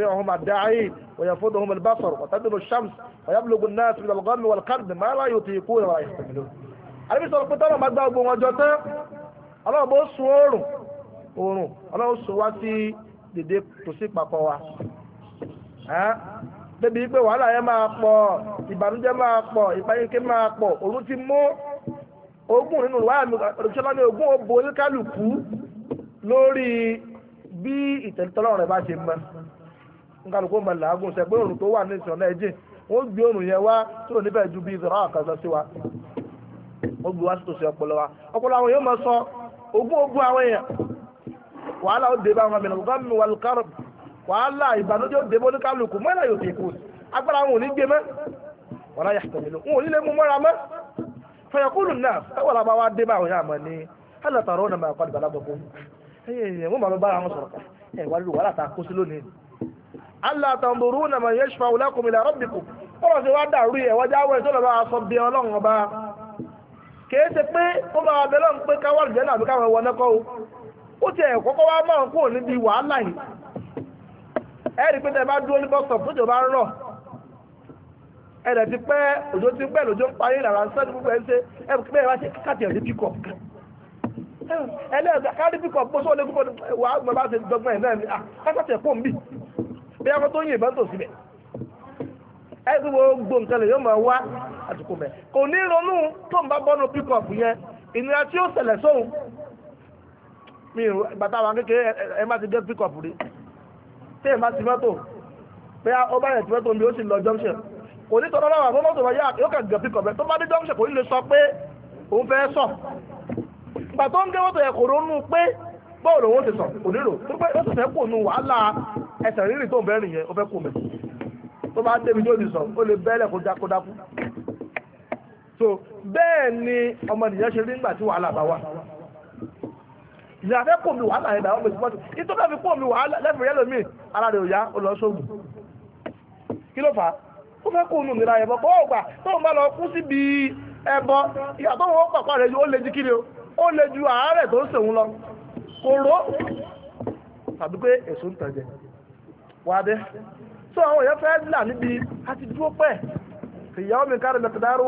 يسمعهم الداعين وينفذهم البصر وتدل الشمس ويبلغ الناس من الغم والقرب ما لا يطيقون ولا يحتملون àbí sọ pé tọ́lọ̀ máa gba ogun ọjọ́ tán ọlọ́run bó sun oòrùn oòrùn ọlọ́run sun wá sí dèdè tòsí papọ̀ wa débi pé wàhálà yẹn máa pọ̀ ìbànújẹ́ máa pọ̀ ìpayínké máa pọ̀ òru ti mú ogún nínú wàhálà mi olùsọ́lá ní ogún òbò oníkálukú lórí bí ìtẹ̀lítọ́lọ́run rẹ̀ bá ṣe mọ́ nkálukú mọ làágùn sẹ pé òrùn tó wà ní ìsìn náà ẹjìn wọn gbé òrùn yẹn wá tí ò níbẹ̀ ju bíi ìsọ̀rọ̀ àkàzọ sí wa wọn gbé wá sí tòsí ọpọlọ wa ọpọlọ àwọn yóò máa sọ ogún ogún àwọn èèyàn wàhálà ó dé bá wọn mìíràn gbọ́n mi wà lùkárọ̀ wàhálà ìbànújẹ́ ó dé bó mọ́ ẹ̀rọ yóò fi kú agbára wọn ò ní gbé mọ́ wọn náà yàtọ̀ nínú wọn ò ní lè mú mọ́ra mọ́ fẹ̀yàkúlù náà ẹ̀wọ̀n làbá wa dé bá àwọn yàrá mọ́ ni hálà tààrọ̀ ọ̀nà máa kọ́ àdìbàlá gbọ̀gbọ̀ ẹ̀yẹ̀ wọ́n máa lọ bára wọn sọ̀rọ̀ ẹ̀ wá lù kó sí lónìí Allah tanzuruna man yashfa'u lakum ila rabbikum ọ̀rọ̀ ti wá dàrú ẹ̀ wọ́n jáwé tó lọ bá sọ bí ọlọ́run ọba kìí ṣe pé ó bá wọn bẹ̀rẹ̀ pé káwá lùjẹ́ náà rí i pé tẹ bá dúró ní bá ṣe ẹ ẹ̀ ní píkọ̀ ẹlẹ́ẹ̀ká rí píkọ̀ bó sọ́ọ́ lé bí akọ tó yìnbọn tó síbẹ̀ ẹgbẹ́ gbogbo nǹkan lè yọ máa wá àtùkù mẹ́ kò ní ronú tó ń bá bọ́nu píkọ̀pù yẹn ìnira tí ó ṣẹlẹ̀ sóhun mi ìrù bàtà wa kékeré ẹ má ti dé píkọ̀pù rí tí èèmá ti mọ́tò pé ó bá yẹn ti mọ́tò mi ó sì lọ junction kò ní tọ́lọ́ lọ́wọ́ àbọ̀ mọ́tò wáyà yóò kàn gẹ̀ píkọ̀pù tó bá dé junction kò ní lè sọ pé òun fẹ́ sọ gbà tó ń gé mọ́tò yẹn kò ronú pé bọ́ọ̀lù òun ti sọ kò nílò tó pé ó sì fẹ́ kò nu wàhálà ẹsẹ̀ rírì tó ń yẹn ó fẹ́ kó mẹ́ tó bá débi ní sọ ó lè bẹ́lẹ̀ kó so bẹ́ẹ̀ ni ọmọnìyàn ṣe rí nígbà tí wàhálà bá wà ìyá fẹ́ kó mi wàhálà yẹn dáwọ́ méjì pọ́tù ìtọ́ fẹ́ fi kó mi wàhálà lẹ́fẹ̀ẹ́ yẹn lómi ara rẹ̀ ó lọ sóògùn kí ló fà á ó fẹ́ yẹn bọ́ bọ́ọ̀ gbà tó wà dé so àwọn èèyàn fẹ́ là níbi àti dúró pẹ́ ìyàwó mi kárí mẹ́tẹ̀dáró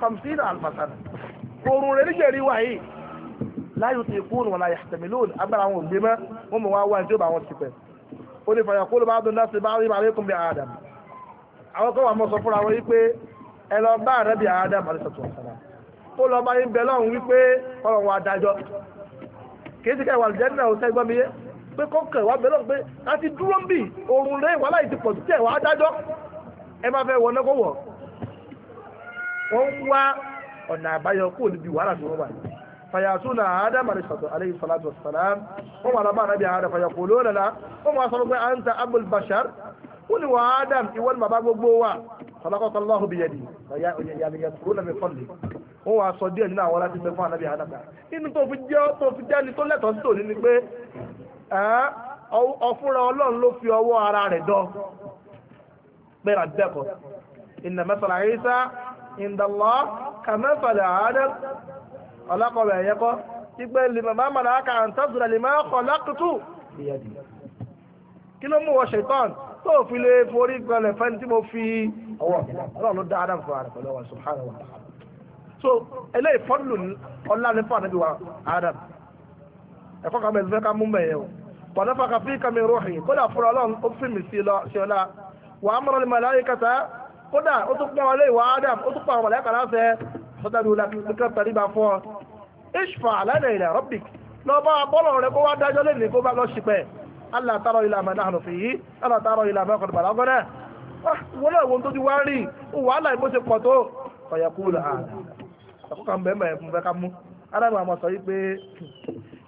hamsin alfasan oorun rẹ̀ níjẹ̀rí wà yìí láyò tí kú wọn láyà tẹ̀mí lónìí agbára àwọn òbí mọ́ wọn mọ̀ wá wá ní tí ó bá wọn ti pẹ́ ó ní fàyà kó ló bá dùn náà sí bá rí bá rí kún bí adam àwọn kan wà mọ́ sọ fúnra wọn yìí pé ẹ lọ bá rẹ bí adam àdìsọ̀tún ọ̀sán ó lọ bá yín bẹ lọ́hùn wípé ọlọ́run adájọ́ kì í sì kẹ́ ìwà àlùjẹ́ náà sẹ́gbọ́n mi yé pé kọ́kàn wá bẹ̀rẹ̀ pé a ti dúró ń bì òrùn rẹ̀ wàhálà yìí ti pọ̀ títẹ̀ wá dájọ́ ẹ máa fẹ́ wọ náà kó wọ̀ wọ́n ń wá ọ̀nà àbáyọ kúrò níbi wàhálà tó wọ́n wà yìí fayatuna adam alayhi salatu wassalam wọ́n wà lábá anábì adam fayakuluna la wọ́n wà sọ pé anta abul bashar wọ́n ni wà adam ìwọ́n ni bàbá gbogbo wa khalaqaka Allahu biyadi yàtúrò mi fọ́ọ̀lì wọ́n wá sọ díẹ̀ nínú àwọn láti fún anábì adam inú tó fi jẹ́ tó fi jẹ́ ni tó lẹ́tọ̀ọ́ sí tòní ni pé ọ̀fúnra ọlọ́run ló fi ọwọ́ ara rẹ̀ dán pẹ́ra dẹ́kọ̀ inna mathala Isa inda Allah ka mathali Adam ọlákọ̀wẹ̀ ẹ̀yẹ́kọ́ ìgbẹ́ lèmọ̀ máa mọ̀ láàkà ń tọ́sùrẹ̀ lèmọ̀ ọkọ̀ lákùtù kí ló mú wọ ṣètọ́n tó fi lè forí gbọ́lẹ̀ fẹ́ tí mo fi ọwọ́ ọlọ́run ló dá Adam fún ara pẹ̀lú ọwọ́ subhanahu wa ta'ala so eléyìí fọ́nlù ọlá ní fún àdébíwá Adam ẹ̀kọ́ kan bẹ̀rẹ̀ ká mú mẹ́yẹ o kọ̀dọ̀ fàkà fi kàmi rúhì kódà fúra ọlọ́run ó fi mí sí lọ sí ọlá wà á mọ̀rọ̀ ní màláyé kẹta kódà ó tún pọ̀ ọlé ìwà adam ó tún pọ̀ ọmọlẹ́ kan láṣẹ sọ́dọ̀ ìlú lakíkẹ́ tẹ̀lé bá fọ́ ishfa alẹ́ ilẹ̀ rọ́bì lọ bá bọ́lọ̀ rẹ kó wá dájọ́ lé ní kó bá lọ ṣìpẹ̀ Allah tààrọ̀ ilà mẹ́ta hàn fi yí Allah tààrọ̀ ilà mẹ́ta hàn bàlá gọ́dẹ̀ ah, wọ́n náà wọ́n tó ti wá rí wàhálà ìbó ṣe pọ̀ tó ọ̀yà kúlù àná àkókò àmì bẹ́ẹ̀ mẹ́ẹ̀ fún fẹ́ ká mú adágbà àmọ́ sọ yí pé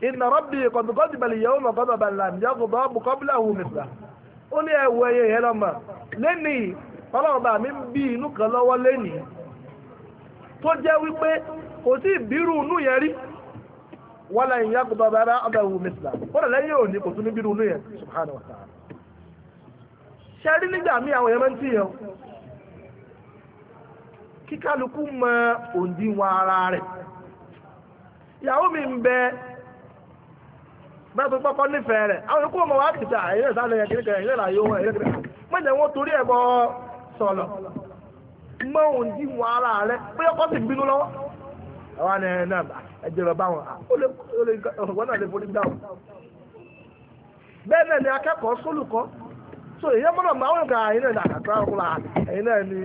inna rabbi qad ghadiba al-yawma ghadaban lam yaghdab qablahu mithlahu ó ní ẹ̀wọ̀ ẹ̀yẹ yẹn mi ń bí kan lọ́wọ́ lẹ́nìí tó jẹ́ wípé kò sí ìbírú wala yaghdab ba'dahu mithlahu subhanahu wa ta'ala ara a bẹ́ẹ̀ tó kọ́kọ́ nífẹ̀ẹ́ rẹ̀ àwọn ikú ọmọ wa ti ta ìrẹ́ ìsàlẹ̀ yẹn kìrìkìrì ìrẹ́ ìlàyé owó ìrẹ́ kìrìkìrì mọ̀jẹ̀ wọn torí ẹ̀ bọ́ sọ̀lọ̀ mọ̀hún dí wọn ara rẹ̀ pé ọkọ sì bínú lọ́wọ́ àwọn àna ẹ̀ náà ẹ̀jẹ̀ rẹ̀ bá wọn wọn náà lè forí gbà wọn. bẹ́ẹ̀ náà ni akẹ́kọ̀ọ́ sólùkọ́ so ìyẹn mọ́nà máa wọn kà ẹ̀yin náà àkàtà ọkùnrin ẹ̀yin náà ni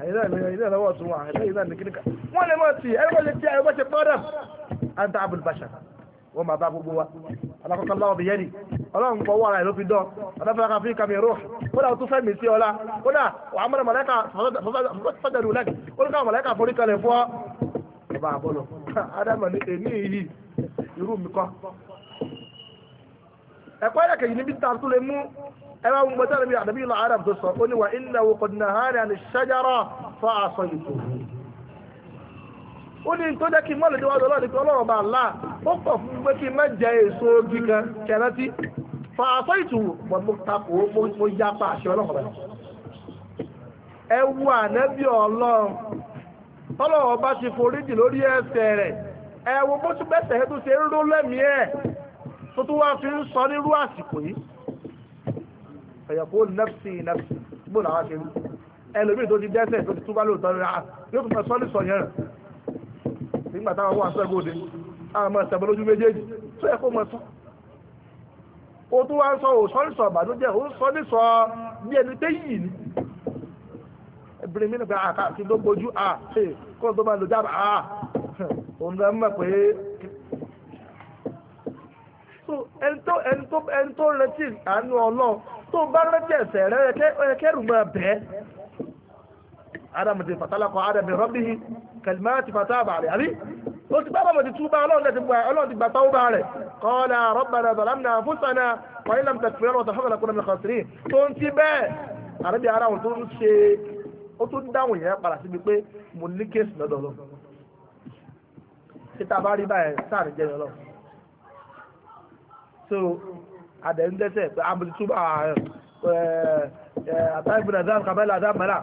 ẹ̀yin náà ni ẹ̀yin náà lọ́wọ́ tún wọn ẹ̀yin náà ni kíníkà wọ́n lè mọ̀ sí ẹ̀rọ wọ́n máa bá gbogbo wa alákọ̀ọ́kọ́ láwọn bìyẹn ni ọlọ́run pọ̀ wọ́n ara ẹ̀ ló fi dán ọlọ́fẹ́ kan fi kàmì rò kódà ó tún fẹ́ mi sí ọlá kódà àmọ́dà mọ̀lẹ́kà fọ́dẹ̀rù lẹ́kì ó mọ̀lẹ́kà forí fọ́ ọba àbọ̀lọ adama ní èmi yìí irú mi kọ́ ẹ̀kọ́ ẹ̀yà kẹ̀yìn níbi tá a lè mú ẹ̀rọ àwọn mọ̀tẹ́rẹ̀ mi àdàbí ìlà adam tó sọ ó ní wa ilẹ̀ wo kọ̀dínà ó ní tó jẹ́ kí mọ́lẹ̀dé wájú ọlọ́run pé ọlọ́run bá ńlá ó pọ̀ fún pé kí má jẹ èso igi kan kẹrántí fa àṣọ ìtùwò bọ̀ mo takò mo ya pa àṣẹ ọlọ́run rẹ̀ ẹ wu ànábì ọlọ́run ọlọ́run bá ti foríjì lórí ẹsẹ̀ rẹ̀ ẹ wo bó tún bẹ́sẹ̀ ẹ tó ṣe ń ró lẹ́mìí ẹ̀ tó tún wá fi ń sọ nírú àsìkò yìí ẹ̀yọ̀kó nẹ́fṣì nẹ́fṣì gbọ́dọ̀ àwọn ṣe ẹlòmíì tó ti dẹ́sẹ̀ tó ti túbá lóòótọ́ ah, yóò tún fẹ́ sọ́ọ́lì sọ yẹn rẹ̀ sí nígbà táwọn wà sẹ́gbòde àmọ́ ìsẹ̀bọ̀ lójú méjèèjì tó yẹ kó mọ sọ o tó wá ń sọ òsọ́ ní sọ ìbànújẹ́ ó ń sọ ní sọ bí ẹni pé yìí ni ẹbìnrin mi nìkan ah, àká kí ló gbójú à ah, kó tó máa lò jábà à ah. òun náà mọ̀ pé ẹni tó retí àánú ọlọ́run tó bá retí ẹ̀sẹ̀ rẹ̀ ẹ̀kẹ́rù máa bẹ́ẹ̀ ádámù ti fàtàlákọ̀ ádámù rọ́bìhì kalimati fataba rẹ̀ àbí ó ti bábà mọ̀ ti túbà ọlọ́run ti gbà tọ́wọ́ rẹ̀ kọ́lá rọ́bàdà zalamna fúsànà wàyí lam tàkìfẹ́ lọ́wọ́ tàfẹ́ lọ́kọ́ lọ́mọ kọ́sìrì tó ń ti bẹ́ẹ̀ àrẹ́bí ara òun tó ń ṣe ó tó ń dáhùn yẹn padà síbi pé mo ní kéésì lọ́dọ̀ lọ títà bá rí báyẹn sáà ní jẹ́ lọ́wọ́ so àdẹ̀ ń dẹ́sẹ̀ pé àmì túbà àtàgbìnà dáhùn kàbẹ́lá dáhùn mẹ́lá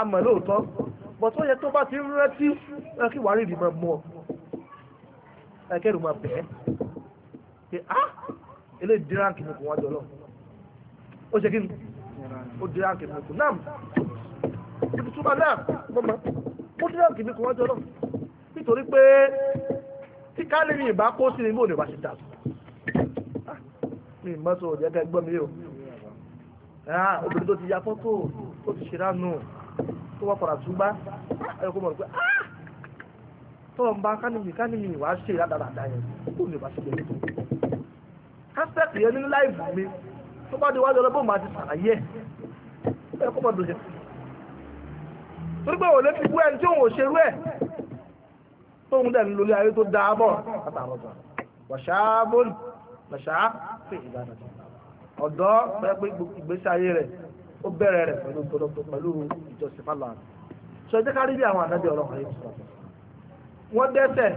àmọ̀ lóòótọ́ bọ̀tọ́ yẹ tó bá ti rántí kí wàá rí ìdìmọ̀ mọ́ ẹ̀kẹ́rù máa bẹ̀ẹ́ pé ah eléyìí díráǹkì mi kò wájọ lọ ó ṣe kí ni ó díráǹkì mi kò náà ibi tó bá náà gbọ́mọ ó díráǹkì mi kò wájọ lọ nítorí pé tí káàlì mi ìbá kó sí ni mi ò lè bá ṣe dà ah, mi mọ́tò ọ̀jẹ̀ kẹgbọ́n mi o ah, obìnrin tó ti ya fọ́tò tó ti ṣe ránù tó wá padà túbá ẹ̀rọ kó mọ̀ pé ah! tọ́lọ̀ ń bá kánìyì kánìyì wàá ṣe ìlàdàdà yẹn kó lè bá ṣe lè tó kásẹ̀tì yẹn ní láìbù mi tó bá di wájú ọlọ́bọ̀ máa ti sàlàyé ẹ̀rọ kó mọ̀ dòjẹ́ torí pé òun lè fi wú ẹni tí òun ò ṣerú ẹ̀ tóun dẹ̀ ń lórí ayé tó dáa bọ̀ látàrọ̀ gbà wàṣáàbọ̀n làṣáà fún ìgbà ó bẹ̀rẹ̀ rẹ̀ pẹ̀lú pẹ̀lú pẹ̀lú ìjọsìn fàlà sọ ẹ jẹ́ ká rí bí àwọn àdájọ́ ọlọ́run ayé sọ̀rọ̀ wọ́n dẹ́ṣẹ̀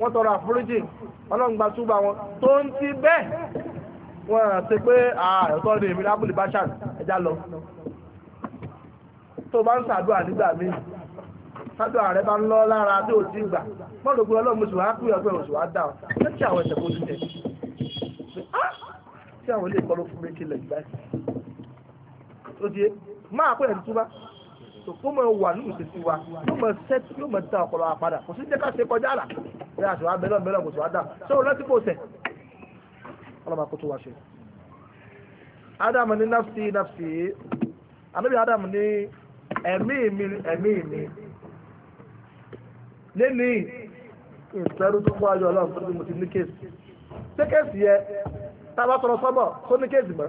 wọ́n tọrọ àforíjì ọlọ́run gba túbà wọn tó ń ti bẹ́ẹ̀ wọ́n àti pé àyọ̀tọ́ ni èmi lábùlì báṣà ẹja lọ tó bá ń ṣàdúrà nígbà míì sádùn ààrẹ bá ń lọ lára tí ò ti gbà wọ́n lò pé ọlọ́run oṣù wa kú ọgbẹ́ oṣù wa dà ọ́ lẹ́tí àwọn ẹ̀ṣẹ̀ kò ti tẹ̀ tí ah, àwọn ilé ìkọlù fún mi kílẹ̀ gbáyìí ó di máa pè ní túbá tó kó mọ̀ wà nínú ìṣesí wa yóò mọ̀ sẹ́ yóò mọ̀ ta ọ̀pọ̀lọ̀ àpadà kò sí jẹ́ ká ṣe kọjá àlà bí a ṣe wá bẹ́lọ̀ bẹ́lọ̀ kò sí wá dà ṣé o rántí kò sẹ̀ ọlọ́mọ akótó wa ṣe. Adam ní nafsi nafsi ànábì Adam ní ẹ̀mí mi ẹ̀mí mi lẹ́ni ìfẹ́rú tó kọ́ ayọ̀ ọlọ́run tó ti mo ti ní kéèsì ṣé kéèsì yẹ tá a bá sọ̀rọ̀ sọ́bọ̀ tó ní kéèsì mọ́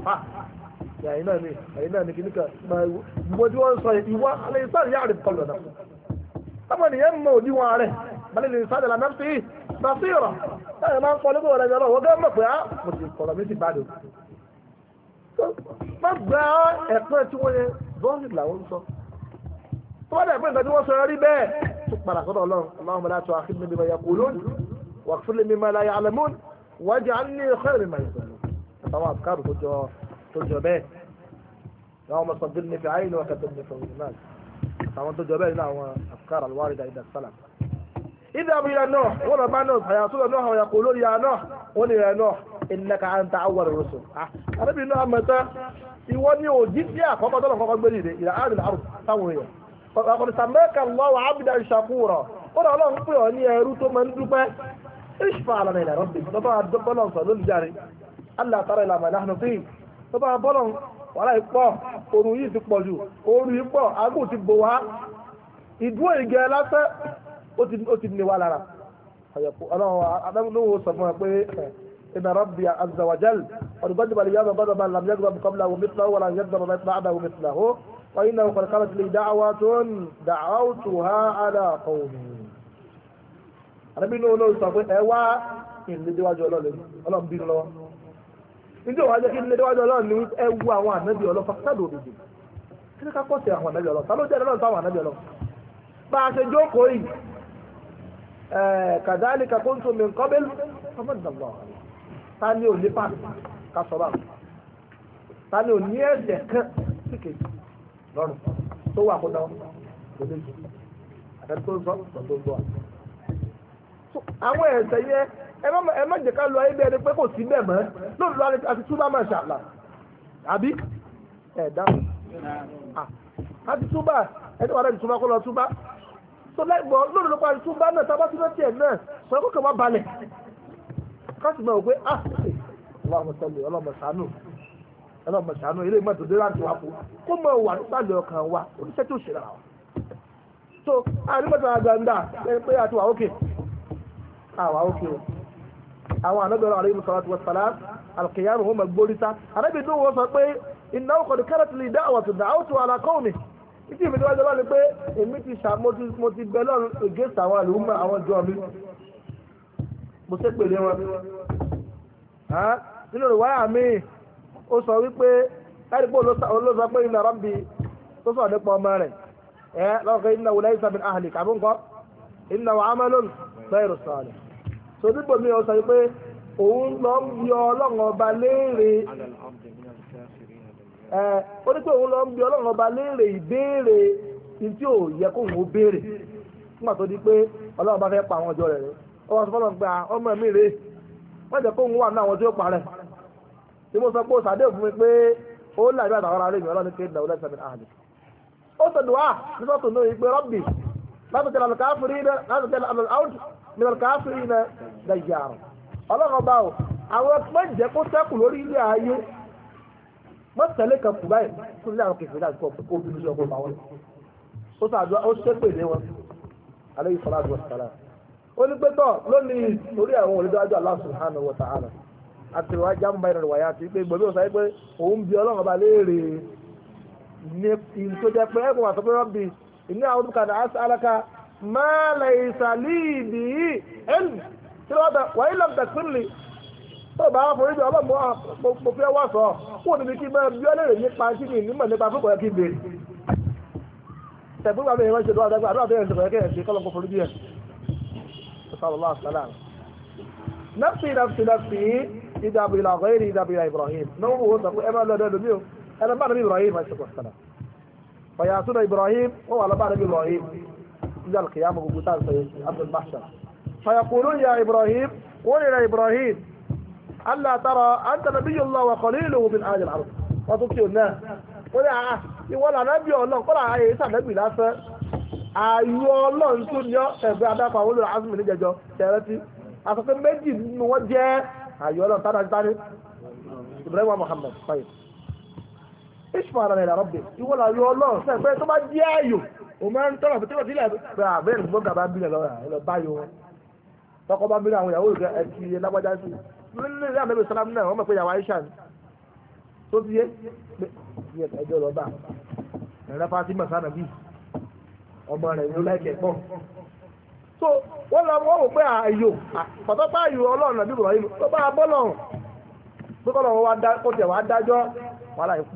àfà ẹ̀yìn náà ni ẹ̀yìn náà ni kìíní kan ìwọ tí wọ́n sọ ìwọ alẹ́ ìsáà yà rẹ̀ kọlọ̀ náà táwọn ènìyàn mọ òdiwọ̀n rẹ̀ balẹ̀ lè sáà dàlà náà sí nàṣírà táyà máa ń sọ lóko rẹ̀ yọrọ wọ́n gán mọ̀ pé á mo ti kọ̀rọ̀ mi ti bá dò. má gba ẹ̀pẹ́ tí wọ́n yẹ bọ́ọ̀lù làwọn ń sọ tó bá dẹ̀ pé nǹkan tí wọ́n sọ rí bẹ́ẹ̀ tó padà sọ́dọ̀ ọlọ́run ọlọ́run mọ̀lá tó àkíní mi máa yà kúlóòn wàkúlẹ̀ mi máa la yà àlẹ́mọ́n wájà á ní ìkọ́lẹ̀ mi máa yà àtàwọn àbùkárù tó jọ tó jọ bẹ́ẹ̀ àwọn ọmọ sọ̀dún ní fi ayé ni wọ́n kẹ́tọ́ ní fọwọ́ náà àtàwọn tó jọ bẹ́ẹ̀ nínú àwọn àbùkárù alwárìdà ìdá sálàm. ìdá abu ilẹ̀ náà wọ́n lọ bá náà àyà tó lọ náà àwọn yàkó lórí ya náà wọ́n ní rẹ̀ náà innaka anta awwal rusul. àdébí náà mẹ́ta ìwọ ni òjì sí àkọ́kọ́ tó lọ kọ́kọ́ gbé nìyẹn ìlà àdìl àrùn táwọn èèyàn. ọ̀kọ̀rọ̀ sàmẹ́kà lọ́wọ́ abdá ìṣàkúrọ̀ ó náà lọ́n pè ọ́ ní ẹrú tó máa ń dúpẹ́. ìṣfà àlànà ìlà rọ́bì lọ́tọ́ àdọ́gbọ́n náà sọ lónìí járe allah tara ìlànà ìlànà fi tó bá bọ́lọ̀ wàhálà ìpọ̀ òrùn yìí ti pọ̀ jù òrùn yìí pọ̀ àgùn ti bò wá ìdúró ìgẹ̀ lásán ó ti ní wa lára ọlọ́run ló sọ fún wa pé inna rabbi azza wa jal qad ghadiba al-yawma ghadaban lam yaghdab qablahu mithlahu wa lam yaghdab ba'dahu mithlahu wa innahu lọ́wọ́ nítorí wàá jẹ́ kí nílé déwájú ọlọ́run ní ẹ wu àwọn ànábì ọlọ́fà sádò òdòdó kí ni ká pọ̀ sí àwọn ànábì ọlọ́fà sáló jẹ́ ọlọ́run táwọn ànábì ọlọ́fà bá a ṣe jókòó yìí kàdáàlì kàkóńtò mi nǹkan bẹ́ẹ̀ lọ́mọdàlọ́ ta ni ò ní pàṣẹ ká sọ báwọn ta ni ò ní ẹ̀jẹ̀ kan síkèjì lọ́rùn tó wà kó dáwọn kò dé jù àtẹ́tí tó ẹ má jẹ́ ká lọ ayé bẹ́ẹ̀ ni pé kò sí bẹ́ẹ̀ mọ́ lóòótọ́ lọ́wọ́ àti túbà máa ṣàlà àbí ẹ̀ dáhùn àti túbà ẹni wà láti túbà kó lọ túbà tó lẹ́gbọ́ lóòótọ́ lọ́pọ̀ àti túbà náà tábà túbà tiẹ̀ náà sọ pé kò má balẹ̀ káṣí náà wò pé ah ọlọ́mọ sọlẹ̀ ọlọ́mọ sànú ọlọ́mọ sànú ilé mọ́tò dé láti wá kú kó mọ wà nípàdé ọkàn wa oníṣẹ́ tó ṣe rà wá so àrímọ̀tò àgbàǹdà pé àti wà ókè àwà ókè o àwọn ànábẹ̀rẹ̀ alayhi salatu wa salam alkiyamu hó magbórita anábì dùn wọ́n sọ pé iná ọkọ̀ ní kẹ́rẹ́tì lè dá àwọn tòdà áwùtò alákọ́ọ̀mì títí èmi níwájú ọlọ́run pé èmi ti ṣà mo ti bẹ lọ́run against àwọn àlùmọ́ àwọn ìjọ mi mo ṣe pèlè wọn. nínú ìwáyà mi ó sọ wípé láti pé olóòtú sọ pé iná rọ́bì tó sọ̀rọ̀ nípa ọmọ rẹ̀ ẹ lọ́kọ̀ iná wùlẹ́ ìsàmì àhàlì kàbí nǹkan iná wàhámẹ́lòm bẹ́ẹ̀ rẹ̀ sọ̀rọ̀ so níbo mi ọ pé òun lọ ń ọlọ́run ọba léèrè ẹ ó ní pé òun lọ ń bi ọlọ́run ọba léèrè ìbéèrè tí ò yẹ kó òun ó béèrè nígbà tó di pé ọlọ́run ọba fẹ́ pa àwọn ọjọ́ rẹ̀ ọmọ mi rè wọ́n jẹ́ kó òun wà ní àwọn tí ó parẹ́ tí mo sọ pé sàdé mi pé ó àtàwọn ará ọlọ́run kéde mílíọ̀nù káfíń iná dàjà àrùn ọlọ́run bá o àwọn mẹ́jẹ kó sẹ́kù lórí ilé ayé mọ́tẹ́lẹ̀ kan kù báyìí kó lé àwọn kẹfẹ́ náà kó obìnrin lọ́kọ̀ bá wọn ó sàdúrà ó ṣépè lé wọn alẹ́ yìí fọlá àdúrà sàlá lónìí orí àwọn olùdájọ́ Allah subhanahu wa ta'ala àti ìwà jàmbá ìrìn wáyà àti pé gbòmí òsàyí pé òun bí ọlọ́run ọba léèrè ní tó jẹ́ pé ẹ̀kọ́ àtọ́pẹ́rọ́ bíi ìní àwọn olùkàdà àṣà alákà ما ليس لي به علم وإن لم تغفر لي tó bá wá foríjì ọlọ́mọ mo fẹ́ wá sọ kó níbi kí bẹ́ẹ̀ bí ọlẹ́rẹ̀ nípa kí ni nímọ̀ nípa fún kọ̀ọ̀kí bèrè tẹ̀gbọ́n bàbá ìrìnàjò lọ́wọ́ àdágbà àdúrà bẹ́ẹ̀ ṣẹ̀fẹ̀ kẹ́ẹ̀ ṣe kọ́lọ́kọ́ foríjì ẹ̀ sọ́lọ́lá sọ́lá nafsi nafsi nafsi ìdàbò ìlà ọ̀gọ́ ìrì ìdàbò Ibrahim náà wọ́n sọ pé ẹ máa lọ́dọ̀ ẹlòmí o ẹ Ibrahim àti ṣe kọ̀ọ̀sọ̀lá ọ̀yà àtúndà Ibrahim wọ́n wà lọ́bàdàn Ibrahim àtijọ́ alkiyama gbogbo tá a sọ yẹn abdul mahshar fayakulun ya ibrahim wọ́n yẹra ibrahim allah tara anta nabiyullah wa qaliluhu min ahli al-ard wọ́n tún kí o náà wọ́n yà á ìwọ́n là nábì ọlọ́n kọ́lá ayé sàdẹ́gbì lásán ayé ọlọ́n tún yọ ẹ̀gbẹ́ adáfà wọlé azumi ní jẹjọ tẹ̀rẹ́tì àtọ́kẹ́ méjì nínú wọn jẹ́ ayé ọlọ́n tánà tánà ibrahim wa muhammad fayyid ìṣùmọ̀ràn ẹ̀rọ ọ̀bẹ̀ ìwọ là yọ ọlọ́run sẹ́yìn pé tó bá jẹ́ ayò òun máa ń tọrọ àbí tọrọ sílẹ̀ pé àbẹ́ ìlú gbọ́ngà bá ń bílẹ̀ lọ́ra ah, ẹ̀ lọ bá yọ wọn tọkọ bá ń bílẹ̀ àwọn ìyàwó rẹ̀ ẹ̀ ti lágbájá sí nínú ilé àmì ìsọlámù náà wọ́n mọ̀ pé yàwó Aisha ni tó ti yé pé ẹjọ́ lọ bá ẹ̀rọ Fatima sanabi ọmọ rẹ̀ ló láìkẹ̀ pọ̀ so wọ́n lọ wọ́n wò pé ayò ah, ah, pàtó pé ọlọ́run àbí bọ̀wá yìí tó bá bọ́ lọ́rùn pé kọ́ wá dájọ́ wàhálà yìí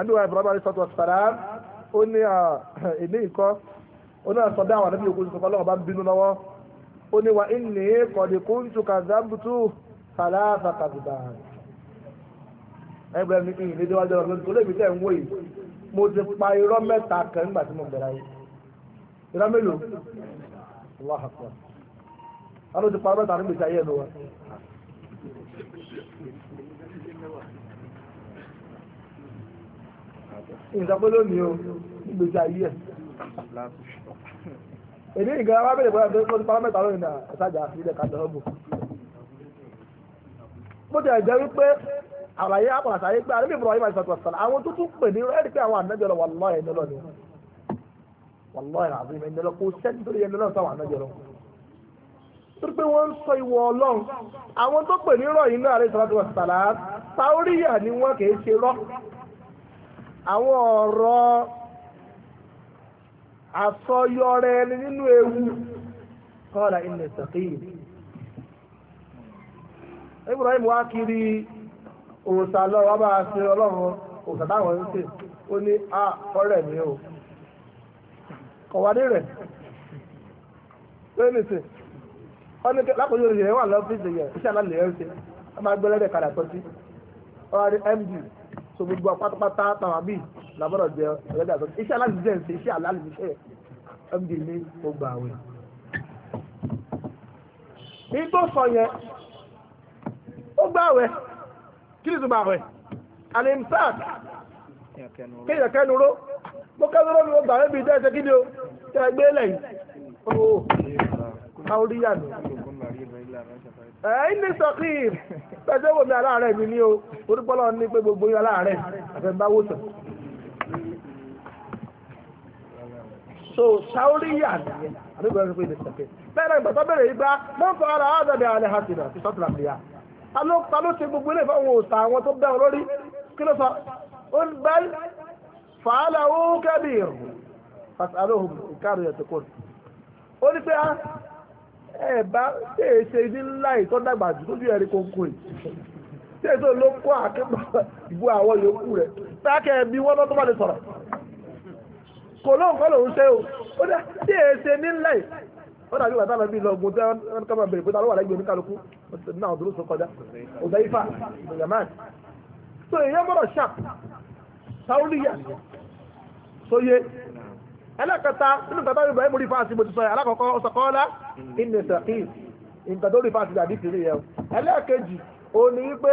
àdúrà ibrahim alayhi sọ́tọ̀ sàrán ó ní ilé ìkọ́ ó náà sọ dáwà níbi òkú ìsọ̀kọ́ lọ́wọ́ bá ń bínú lọ́wọ́ ó ní wa inni qad kuntu kazamtu fàlàfà kàzùbà ẹgbẹ́ mi kì í lé déwájú ọ̀rọ̀ lórí tó lébi tẹ̀ ń wò yìí mo ti pa irọ́ mẹ́ta kan nígbà tí mo bẹ̀rẹ̀ ayé irọ́ mélòó allah akbar wọn ló ti pa irọ́ mẹ́ta nígbà tí ayé ẹ̀ lọ ìsọpọ̀ lónìí o nígbèsí ayé ẹ̀ èdè ìgbà wa bẹ̀rẹ̀ bọ́lá tó ti pàmẹ́ta lónìí náà àtàjà sílẹ̀ kàdà ọ̀bù bó ti ẹ̀jẹ̀ wípé àlàyé àpàṣà yìí pé àdébí ìbùrọ̀ yìí máa ṣàtọ̀ sọ̀rọ̀ àwọn tó tún pè ní rẹ́ẹ̀dì pé àwọn ànájọ́rọ̀ wà lọ́ọ̀ ẹ̀jọ́ lọ́ni wàlọ́ọ̀ àbí ẹ̀jọ́ lọ kó sẹ́ni tó yẹ lọ́ọ̀ sáwọn ànájọ́rọ̀ torí pé wọ́n ń sọ ìwọ ọlọ́run àwọn tó pè ní rọ̀ yìí náà àlẹ́ ìṣàlátọ̀ sàlá táóríyà ni wọ́n kì ṣe rọ́ àwọn ọ̀rọ̀ àsọyọrẹ ẹni nínú ewu kọ́ra ilẹ̀ sàkíyì Ibrahim wá kiri òòsà lọ bá ṣe ọlọ́run òòsà táwọn ń ṣe ó ní a ọ̀rẹ́ mi o kọ̀wádé rẹ̀ pé nìsín wọ́n ní lápòjú rẹ̀ wà lọ́fíìsì yẹn iṣẹ́ ń ṣe tọ́jú ọ̀rẹ́ md so gbogbo apátápátá tàwábì làbọ̀dọ̀ jẹ ọ̀lẹ́dà tó iṣẹ́ aláàlú jẹ́ ṣe iṣẹ́ aláàlú iṣẹ́ md ní ọgbà àwẹ̀. igbó sọ yẹn ó gbà àwẹ̀ kí ni ìtumọ̀ àwẹ̀ alimsaak kéèyàn kẹnu ró mo kẹnu ró ni mo gbà wẹ́bi jẹ́ ẹsẹ̀ kí ni o tẹ́ ẹ gbé lẹ́yìn. ó káwọ́ rí yàrá ẹ̀yìn ní sọ̀kìm pẹ̀sẹ̀ wò mí aláàárẹ̀ mi ní o orúkọ́lọ́ ní pé gbogbo yín aláàárẹ̀ àfẹ́báwò sàn. so sáórìyà àdúgbò ẹ̀rọ pé ní sọ̀kìm bẹ́ẹ̀ náà ìgbàgbọ́ bẹ̀rẹ̀ yìí bá wọ́n fọ ara àádọ́bẹ̀ alẹ́ hasidà ti sọ́tìlà fìyà ta ló ṣe gbogbo ilé ìfọwọ́ òòsà àwọn tó bẹ́ olórí kí ló sọ ó ń bẹ́ fàálà ó kẹ́bìrì fasalóhùn ìkárò yẹtùkùn ẹ bá ṣèṣe e ní láì tó dàgbà jù e tó bí ẹ̀rí kòkó yìí ṣèṣe ló kó àkẹ́kọ̀ọ́ ìbú àwọn yòókù rẹ̀ táàkẹ́ ẹbí wọ́n lọ́tọ́ bá lè sọ̀rọ̀ kò lóun kọ́ lòun ṣe o ó dá ṣèṣe e ní láì ó dàbí wàtá lọ bí lọ́gùn tí wọ́n kọ́ máa bèrè pé ta ló wà lẹ́gbẹ̀ẹ́ oníkálukú náà dúró sọ kọjá ọ̀dà ifá ìyàmáà so èèyàn gbọ́dọ̀ ṣàp sáwúlì sóyè ẹlẹ́kẹta nínú kẹta yorùbá ìmúrí fáàsì mo ti sọ yẹn alákọ̀ọ́kọ́ ọ̀sọ̀kọ́ọ́lá inú ìsẹ̀kìn nǹkan tó rí fáàsì dàbí tìrí yẹn ẹlẹ́kẹjì ó ní wípé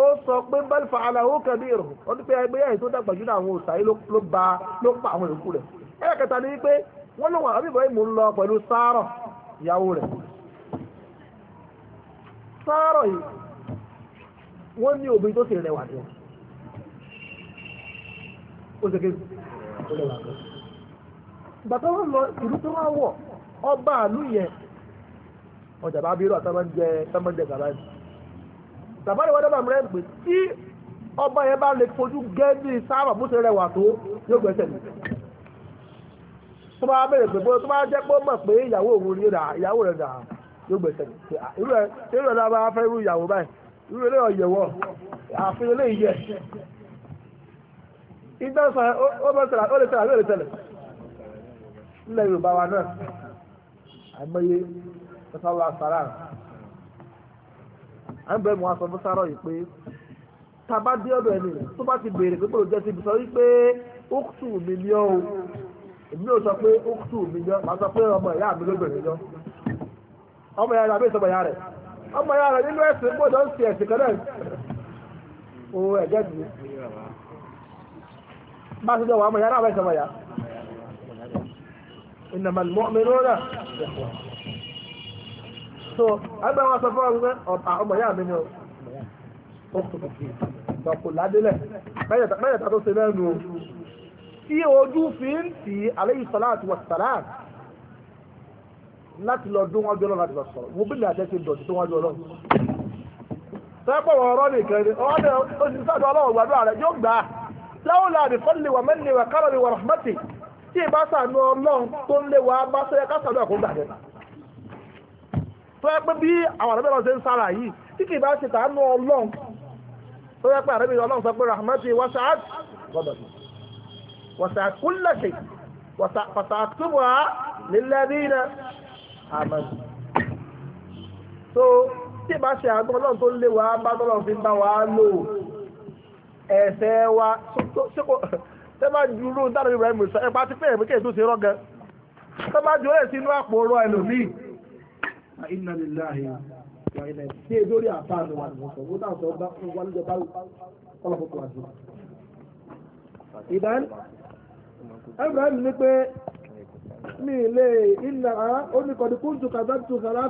ó sọ pé bẹ́ẹ̀ fa aláwo kẹ́bí ìrù ó ní pé ẹgbẹ́ yẹn tó dàgbà jù àwọn òṣàyí ló ba ló pa àwọn èkú rẹ̀ ẹlẹ́kẹta ní wípé wọ́n lóun àbí ìbọn ìmú ń lọ pẹ̀lú gbàtọ́ wọn lọ ìlú tó wá wọ̀ ọba àlú yẹn ọjà bá bírò àtàmọ́jẹ tàmọ́jẹ gàrá ni bàbá rẹ̀ wọ́n dábàá mìíràn pé tí ọba yẹn bá lè fojú gẹ́ bí sábà bó ṣe rẹwà tó yóò gbẹ́sẹ̀ lé tó bá bẹ̀rẹ̀ pé bó tó bá jẹ́ pé ó mọ̀ pé ìyàwó òun rí rà ìyàwó rẹ̀ rà yóò gbẹ̀sẹ̀ lé irú ẹ̀ irú ẹ̀ lábá fẹ́ irú ìyàwó báyìí irú ẹ̀ lọ́yẹ̀ wọ̀ àfihàn lè yẹ ìdánsán ó lè tẹ̀lé nílẹ̀ yorùbá wa náà àmọye pẹ̀sáwọ́ asàrà à ń bẹ̀rẹ̀ mọ́ aṣọ fún yìí pé tá dé ọ̀dọ̀ ẹni tó bá ti béèrè pé bóyá jẹ́ ti sọ wípé ókùtù mi ni ọ́ o èmi yóò sọ pé ókùtù mi ni ọ́ màá sọ pé ọmọ ìyá mi lóbìnrin ni ọ́ ọmọ ìyá rẹ̀ àbí ìsọmọ ìyá rẹ̀ ọmọ ìyá rẹ̀ nínú ẹ̀sìn gbọ́dọ̀ ń sin ẹ̀sìn kan náà o ẹ̀jẹ̀ dùn bá a wà ọmọ ìyá إنما المؤمنون. ẹ̀kọ́ so agbẹ́ wọn sọ fún ọ pé ọ̀tà ọmọ yá mi ni ó ọkùnrin kì í gbàpò ládélẹ̀ mẹ́yẹ̀ta tó ṣe lẹ́nu o tí ojú fi ń tì í alayhi salatu wa salam láti lọ dún wájú ọlọ́run láti lọ sọ̀rọ̀ mo bí ní àtẹ́sí ìdọ̀tí tó wájú ọlọ́run sẹ́pọ̀ wọn ọ̀rọ̀ nìkan ni ọwọ́ bẹ́ẹ̀ ó sì ń ọlọ́run gbàdúrà rẹ̀ yóò gbà á láwùlà àdìfọ́lì wà mẹ́ni wà kárọ̀lì wà rahmati tí ìbá sànú ọlọ́run tó ń lé wa bá sẹ́yẹ ká sàdúrà kó gbà dẹ́ta tó yẹ pé bí àwọn àdàbẹ̀ lọ́sẹ̀ ń sára yìí tí kì í bá ṣe tàánú ọlọ́run tó yẹ pé àdàbẹ̀ ọlọ́run sọ pé rahmatu wasaat gbọdọ̀ sí wasaat kúlẹ̀ṣẹ̀ wasaat túbọ̀ á nílẹ̀ bí iná àmọ́ so tí ìbá ṣe àánú ọlọ́run wa tẹ́ bá dúró dáná Ibrahim sọ ẹ̀pá ti pé ẹ̀mí kéè tó ṣe rọ́gan tẹ́ bá dúró inna lillahi wa inna ilaihi ṣe lórí àfáàní wa nìyẹn sọ wọ́n náà sọ sí. ìdán Ibrahim ní pé mi lè ìlà ó ní kọ̀dí